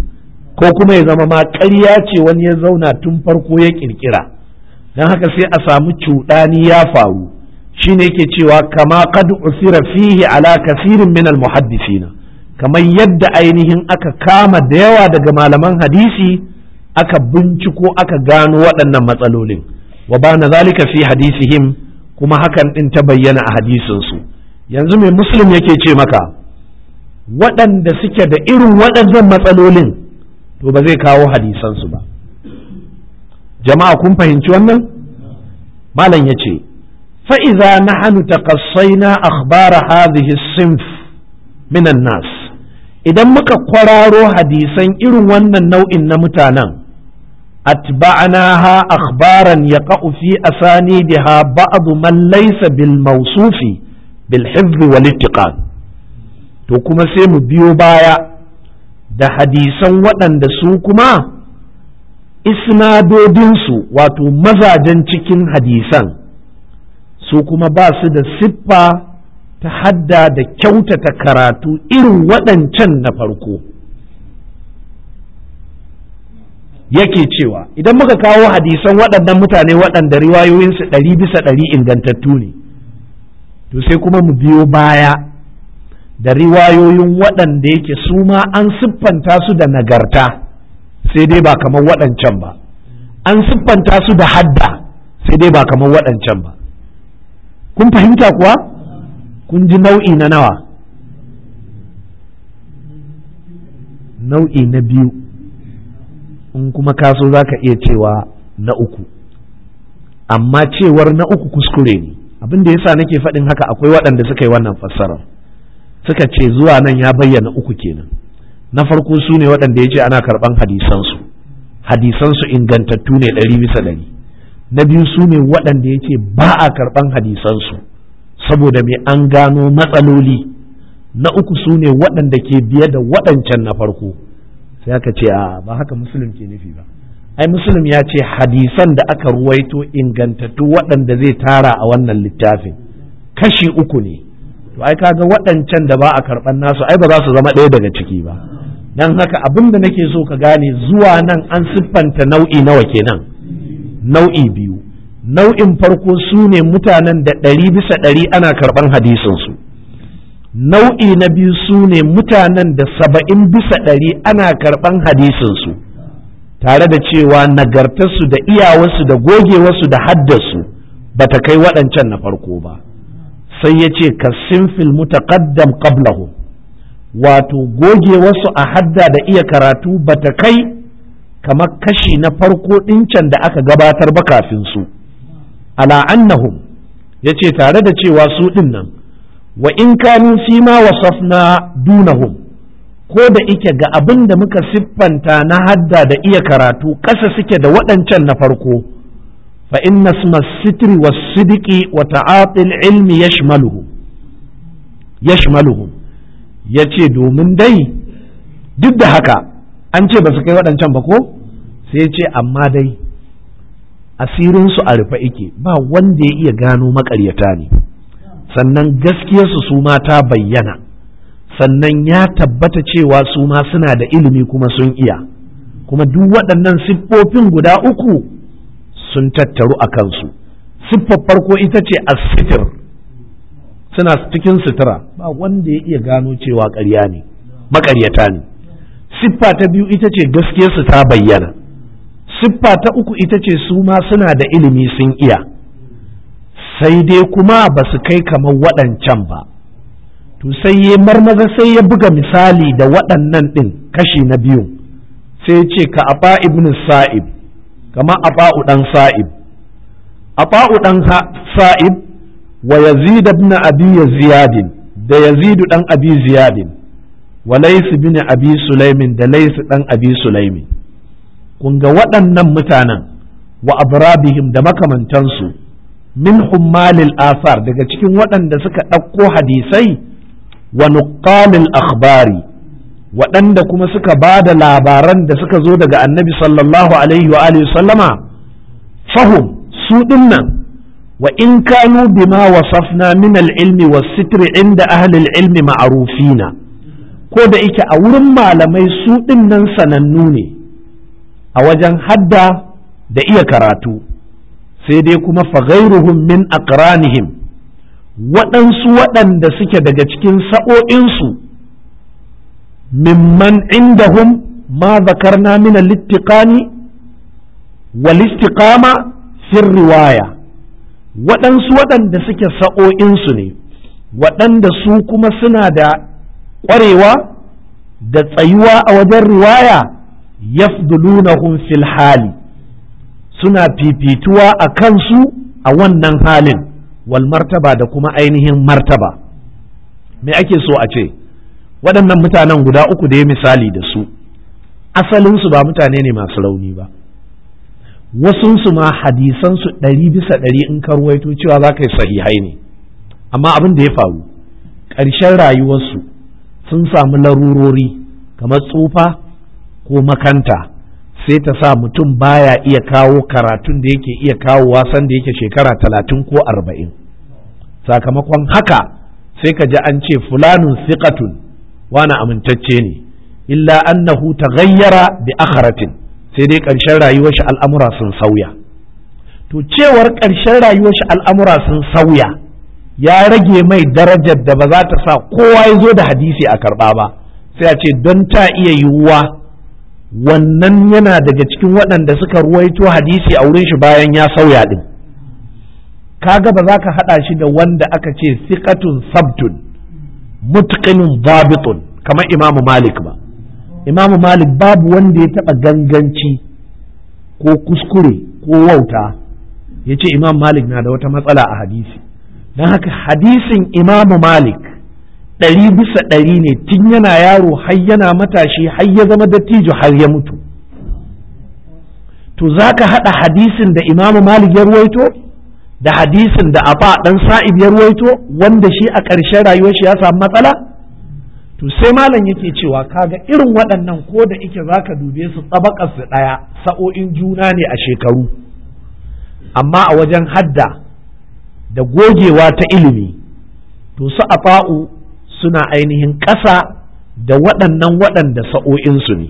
A: ko kuma ya zama ma ƙarya ce wani ya zauna tun farko ya ƙirƙira don haka sai a samu cuɗani ya faru shine yake cewa kama kad usira fihi ala kasirin min al muhaddisina kamar yadda ainihin aka kama da yawa daga malaman hadisi aka binciko aka gano waɗannan matsalolin wa bana zalika fi hadisihim kuma hakan din ta bayyana a hadisinsu yanzu mai muslim yake ce maka waɗanda suke da irin waɗannan matsalolin to ba zai kawo hadisansu ba jama'a kun fahimci wannan malam ya ce fa'iza na hannu takassaina akhbara hadhihi simf minan nas idan muka kwararo hadisan irin wannan nau'in na mutanen atba'naha akhbaran yaqa'u fi asanidiha ba'd man laysa bil mawsufi bil hifz wal ittiqan to kuma sai mu biyo baya da hadisan waɗanda su kuma isnadodinsu wato mazajen cikin hadisan su kuma ba su da siffa ta hadda da kyautata karatu irin waɗancan na farko yake cewa idan muka kawo hadisan waɗannan mutane waɗanda riwayoyinsu ɗari bisa ɗari ingantattu ne to sai kuma mu biyo baya da riwayoyin waɗanda yake su ma an siffanta su da nagarta sai dai ba kamar waɗancan ba an siffanta su da hadda sai dai ba kamar waɗancan ba kun fahimta kuwa kun ji nau'i na nawa nau'i na biyu in kuma kaso za ka iya cewa na uku amma cewar na uku kuskure ne abin da yasa nake faɗin haka akwai waɗanda suka yi wannan fassarar suka ce zuwa nan ya bayyana uku kenan na farko su ne waɗanda ya ce ana karɓan hadisansu hadisansu ingantattu ne ɗari bisa ɗari na biyu su ne waɗanda ya ce ba a karɓan hadisansu saboda mai an gano matsaloli na uku su ne waɗanda ke biye da waɗancan na farko sai aka ce a ba haka musulun ke nufi ba ai musulun ya ce hadisan da aka ruwaito ingantattu waɗanda zai tara a wannan littafin kashi uku ne to ai kaga waɗancan da ba a karɓan nasu ai ba za su zama ɗaya daga ciki ba dan haka abin da nake so ka gane zuwa nan an siffanta nau'i nawa kenan nau'i biyu nau'in farko su ne mutanen da ɗari bisa ɗari ana karɓan hadisinsu nau'i na biyu su ne mutanen da saba'in bisa ɗari ana karɓan hadisinsu tare da cewa nagartarsu da iyawarsu da gogewarsu da haddarsu ba ta kai waɗancan na farko ba sai ya ce ka sinfil mutaqaddam qablahum wato goge wasu a hadda da iya karatu bata kai kamar kashi na farko can da aka gabatar ba kafin su ala annahum ya tare da cewa su ɗin nan wa in kanu fi ma wasafna dunahum ko da ike ga abin da muka siffanta na hadda da iya karatu ƙasa suke da waɗancan na farko fa inna sma sitri was sidiki wa ta'atil ilmi yashmaluhum yashmaluhum ya ce domin dai duk da haka an ce ba su kai waɗancan ba ko sai ce amma dai asirinsu a rufe ike ba wanda ya iya gano maƙaryata ne sannan gaskiyarsu su ma ta bayyana sannan ya tabbata cewa su ma suna da ilimi kuma sun iya kuma duk waɗannan siffofin guda uku sun tattaru a kansu siffar farko ita ce asitir suna cikin sutura ba wanda ya iya gano cewa ƙarya ne maƙaryata ne siffa ta biyu ita ce su ta bayyana siffa ta uku ita ce su ma suna da ilimi sun iya sai dai kuma ba su kai kamar waɗancan ba to sai ya marmaza sai ya buga misali da waɗannan ɗin kashi na biyu sai ya ce ka aba ibn sa'ib kama aba'u ɗan sa'ib aba'u ɗan sa'ib wa yazid ibn abi ziyadin da yazid dan abi ziyadin wa lays bin abi da lays dan abi sulaimi kun ga waɗannan mutanen wa abrabihim da makamantansu min hummalil asar daga cikin waɗanda suka ɗauko hadisai wa nuqalil akhbari waɗanda kuma suka ba da labaran da suka zo daga annabi sallallahu alaihi wa sallama fahum su ɗinnan wa in kanu bima wasafna min al-ilmi was-sitri inda ahli ilmi maarufi na, ko da ike a wurin malamai su ɗin nan sanannu ne a wajen hadda da iya karatu sai dai kuma fa ghairuhum min aqranihim waɗansu waɗanda suke daga cikin sa'o'insu mimman indahum ma zakarna min al-ittiqani wal-istiqama fi riwaya waɗansu waɗanda suke sa'o'insu ne waɗanda su kuma suna da ƙwarewa da tsayuwa a wajen riwaya yafdulunahum fil hali suna fifituwa a kansu a wannan halin wal martaba da kuma ainihin martaba me ake so a ce waɗannan mutanen guda uku da ya misali da su asalinsu ba mutane ne masu rauni ba wasunsu ma hadisansu ɗari bisa ɗari in ka cewa za ka yi sahihai ne amma abin da ya faru ƙarshen rayuwarsu sun samu larurori kamar tsufa ko makanta sai ta sa mutum baya iya kawo karatun da yake iya kawo wasan da yake shekara talatin ko arba'in sakamakon haka sai ka ji an ce fulanun siƙatun wani amintacce ne illa annahu ta gayyara bi akharatin sai dai ƙarshen rayuwar shi al'amura sun sauya to cewar ƙarshen rayuwar shi al'amura sun sauya ya rage mai darajar da ba za ta sa kowa ya zo da hadisi a karɓa ba sai a ce don ta iya yiwuwa wannan yana daga cikin waɗanda suka ruwaito hadisi a wurin shi bayan ya sauya ɗin kaga ba za ka haɗa shi da wanda aka ce Sikatun sabtun mutqinun babitun kamar imamu malik ba imamu malik babu wanda ya taɓa ganganci ko kuskure ko wauta ya ce imam malik na da wata matsala a hadisi don haka hadisin imamu malik ɗari bisa ɗari ne tun yana yaro har yana matashi har ya zama dattijo har ya mutu to za ka haɗa hadisin da imamu malik ya ruwaito da hadisin da afa ɗan sa'ib ya ruwaito wanda shi a ƙarshen rayuwar shi ya samu matsala to sai malam yake cewa kaga irin waɗannan ko da ike ka dube su tsabakar su ɗaya sa'o'in juna ne a shekaru amma a wajen hadda da gogewa ta ilimi to su afa'u suna ainihin ƙasa da waɗannan waɗanda sa'o'insu ne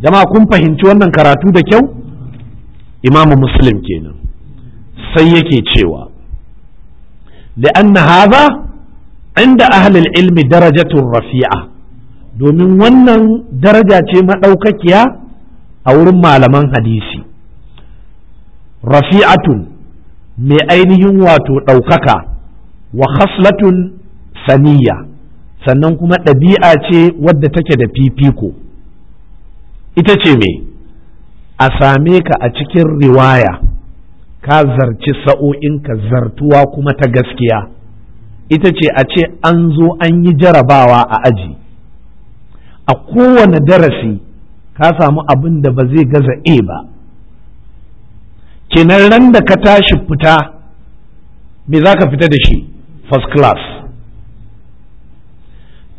A: jama'a kun fahimci wannan karatu da kyau imamu muslim kenan sai yake cewa li'anna haza? inda ahlul ilmi darajatun rafi'a domin wannan daraja ce maɗaukakiya a wurin malaman hadisi rafi'atun mai ainihin wato ɗaukaka wa khaslatun saniya sannan kuma ɗabi'a ce wadda take da fifiko ita ce me a same ka a cikin riwaya ka zarci sa'o'inka zartuwa kuma ta gaskiya ita ce a ce an zo an yi jarabawa a aji a kowane darasi ka samu abin da ba zai gaza e ba kenan ran da ka tashi fita me za ka fita da shi first class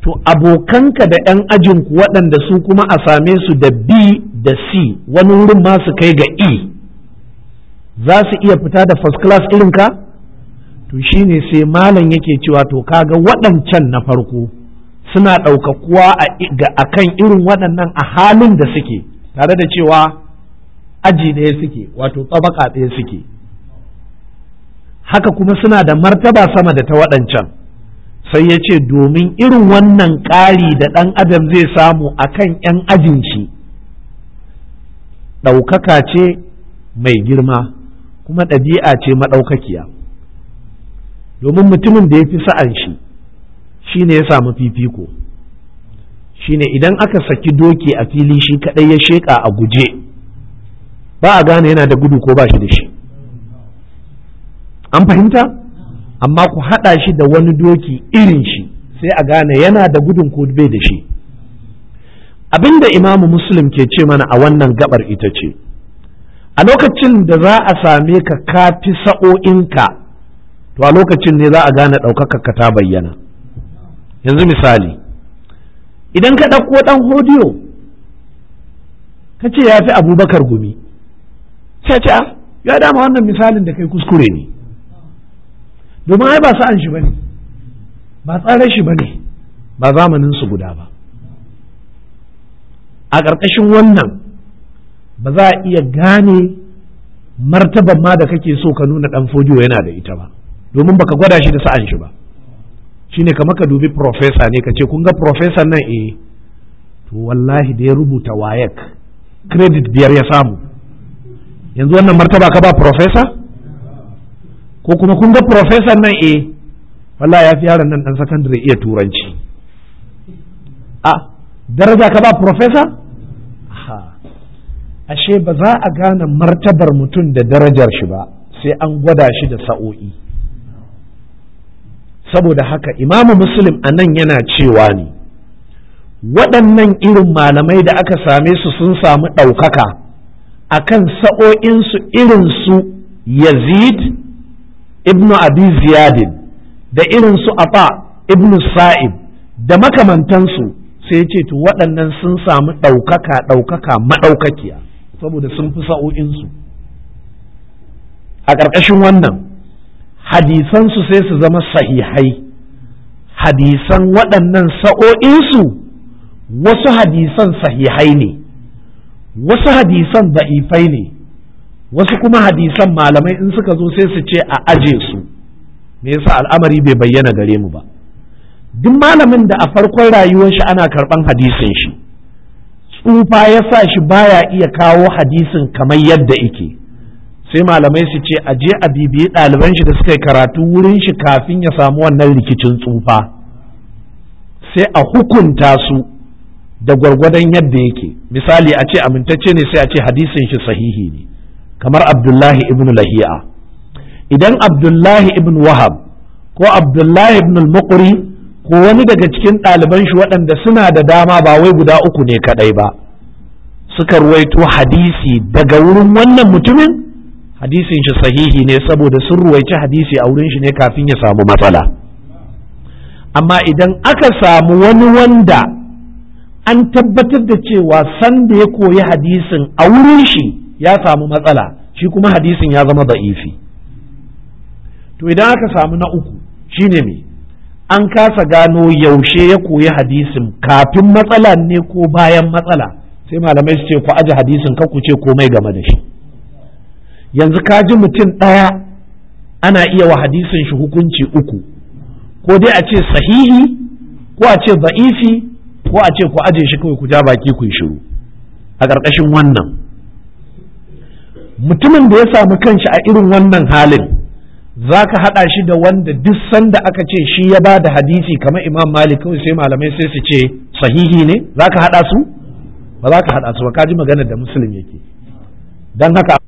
A: to abokanka da 'yan ajinku waɗanda su kuma a same su da B da C wani wurin ma su kai ga E za su iya fita da first class irinka? ka to shi ne sai malam yake cewa to kaga waɗancan na farko suna ɗaukakuwa a kan irin waɗannan a halin da suke tare da cewa aji ɗaya suke wato tsabaka ɗaya suke haka kuma suna da martaba sama da ta waɗancan sai ya ce domin irin wannan ƙari da ɗan adam zai samu a kan ‘yan ajin shi ɗaukaka ce mai girma kuma ɗabi'a ce maɗaukakiya. domin mutumin da ya fi sa'an shi shi ne ya samu fifiko shi ne idan aka saki doki a fili shi kaɗai ya sheƙa a guje ba a gane yana da gudu ko ba shi da shi an fahimta amma ku haɗa shi da wani doki irin shi sai a gane yana da gudun ko bai da shi abinda imamu muslim ke ce mana a wannan gabar ita ce a lokacin da za a same ka kafi sa'o'inka to a lokacin ne za a gane ɗaukakar ka ta bayyana yanzu misali idan ka ɗauko ɗan hodiyo ka ce ya fi abubakar gumi sai ce ah, ya dama wannan misalin da kai kuskure ne domin ai ba sa'an shi ne, ba tsarar shi ba ne, ba zamanin su guda ba a ƙarƙashin wannan ba za a iya gane martaban ma da kake so ka nuna ɗan fodiyo yana da ita ba domin baka gwada shi da sa'an shi ba shine kamar ka dubi profesa ne ka ce kun ga profesa nan eh to wallahi da ya rubuta wayek credit biyar ya samu yanzu wannan martaba ka ba profesa ko kuma kun ga profesa nan eh wallahi ya fi yaron nan dan sakandare iya turanci a daraja ka ba profesa ashe ba za a gane martabar mutum da darajar shi ba sai an gwada shi da sa'o'i saboda haka imamu muslim a nan yana cewa ne waɗannan irin malamai da aka same su sun samu ɗaukaka a kan sa'o'insu irinsu yazid ibnu abi ziyadin da irinsu afa ibnu sa'ib da makamantansu sai ce to waɗannan sun samu ɗaukaka ɗaukaka maɗaukakiya saboda sun fi sa'o'insu a ƙarƙashin wannan hadisansu sai su zama sahihai hadisan waɗannan sa'o'insu wasu hadisan sahihai ne wasu hadisan da'ifai ne wasu kuma hadisan malamai in suka zo sai su ce a aje su me yasa al'amari bai bayyana gare mu ba duk malamin da a farkon rayuwar shi ana karɓan hadisin shi tsufa ya sa shi baya iya kawo hadisin kamar yadda ike sai malamai su ce a je a bibiyi ɗaliban shi da suka yi karatu wurin shi kafin ya samu wannan rikicin tsufa sai a hukunta su da gwargwadon yadda yake misali a ce amintacce ne sai a ce hadisin shi sahihi ne kamar abdullahi ibn lahiya idan abdullahi ibn wahab ko abdullahi ibn al-muqri ko wani daga cikin ɗaliban shi waɗanda suna da dama ba wai guda uku ne kaɗai ba suka ruwaito hadisi daga wurin wannan mutumin hadisin shi sahihi ne saboda sun ruwaici hadisi a wurin shi ne kafin ya samu matsala amma idan aka samu wani wanda an tabbatar da cewa sanda ya koyi hadisin a wurin shi ya samu matsala shi kuma hadisin ya zama ba'ifi. to idan aka samu na uku shi ne me an kasa gano yaushe ya koyi hadisin kafin matsala ne ko bayan matsala sai malamai su ce ku aje hadisin ka ku ce komai game da shi yanzu ka ji mutum ɗaya ana iya wa hadisin shi hukunci uku ko dai a ce sahihi ko a ce ba'ifi ko a ce ku aje shi kawai ku ja baki ku yi shiru a ƙarƙashin wannan mutumin da ya samu kanshi a irin wannan halin za ka haɗa shi da wanda duk sanda aka ce shi ya ba da hadisi kamar imam malik kawai sai malamai sai su ce sahihi ne za ka haɗa su ba za ka haɗa su ba ka ji maganar da musulun yake don haka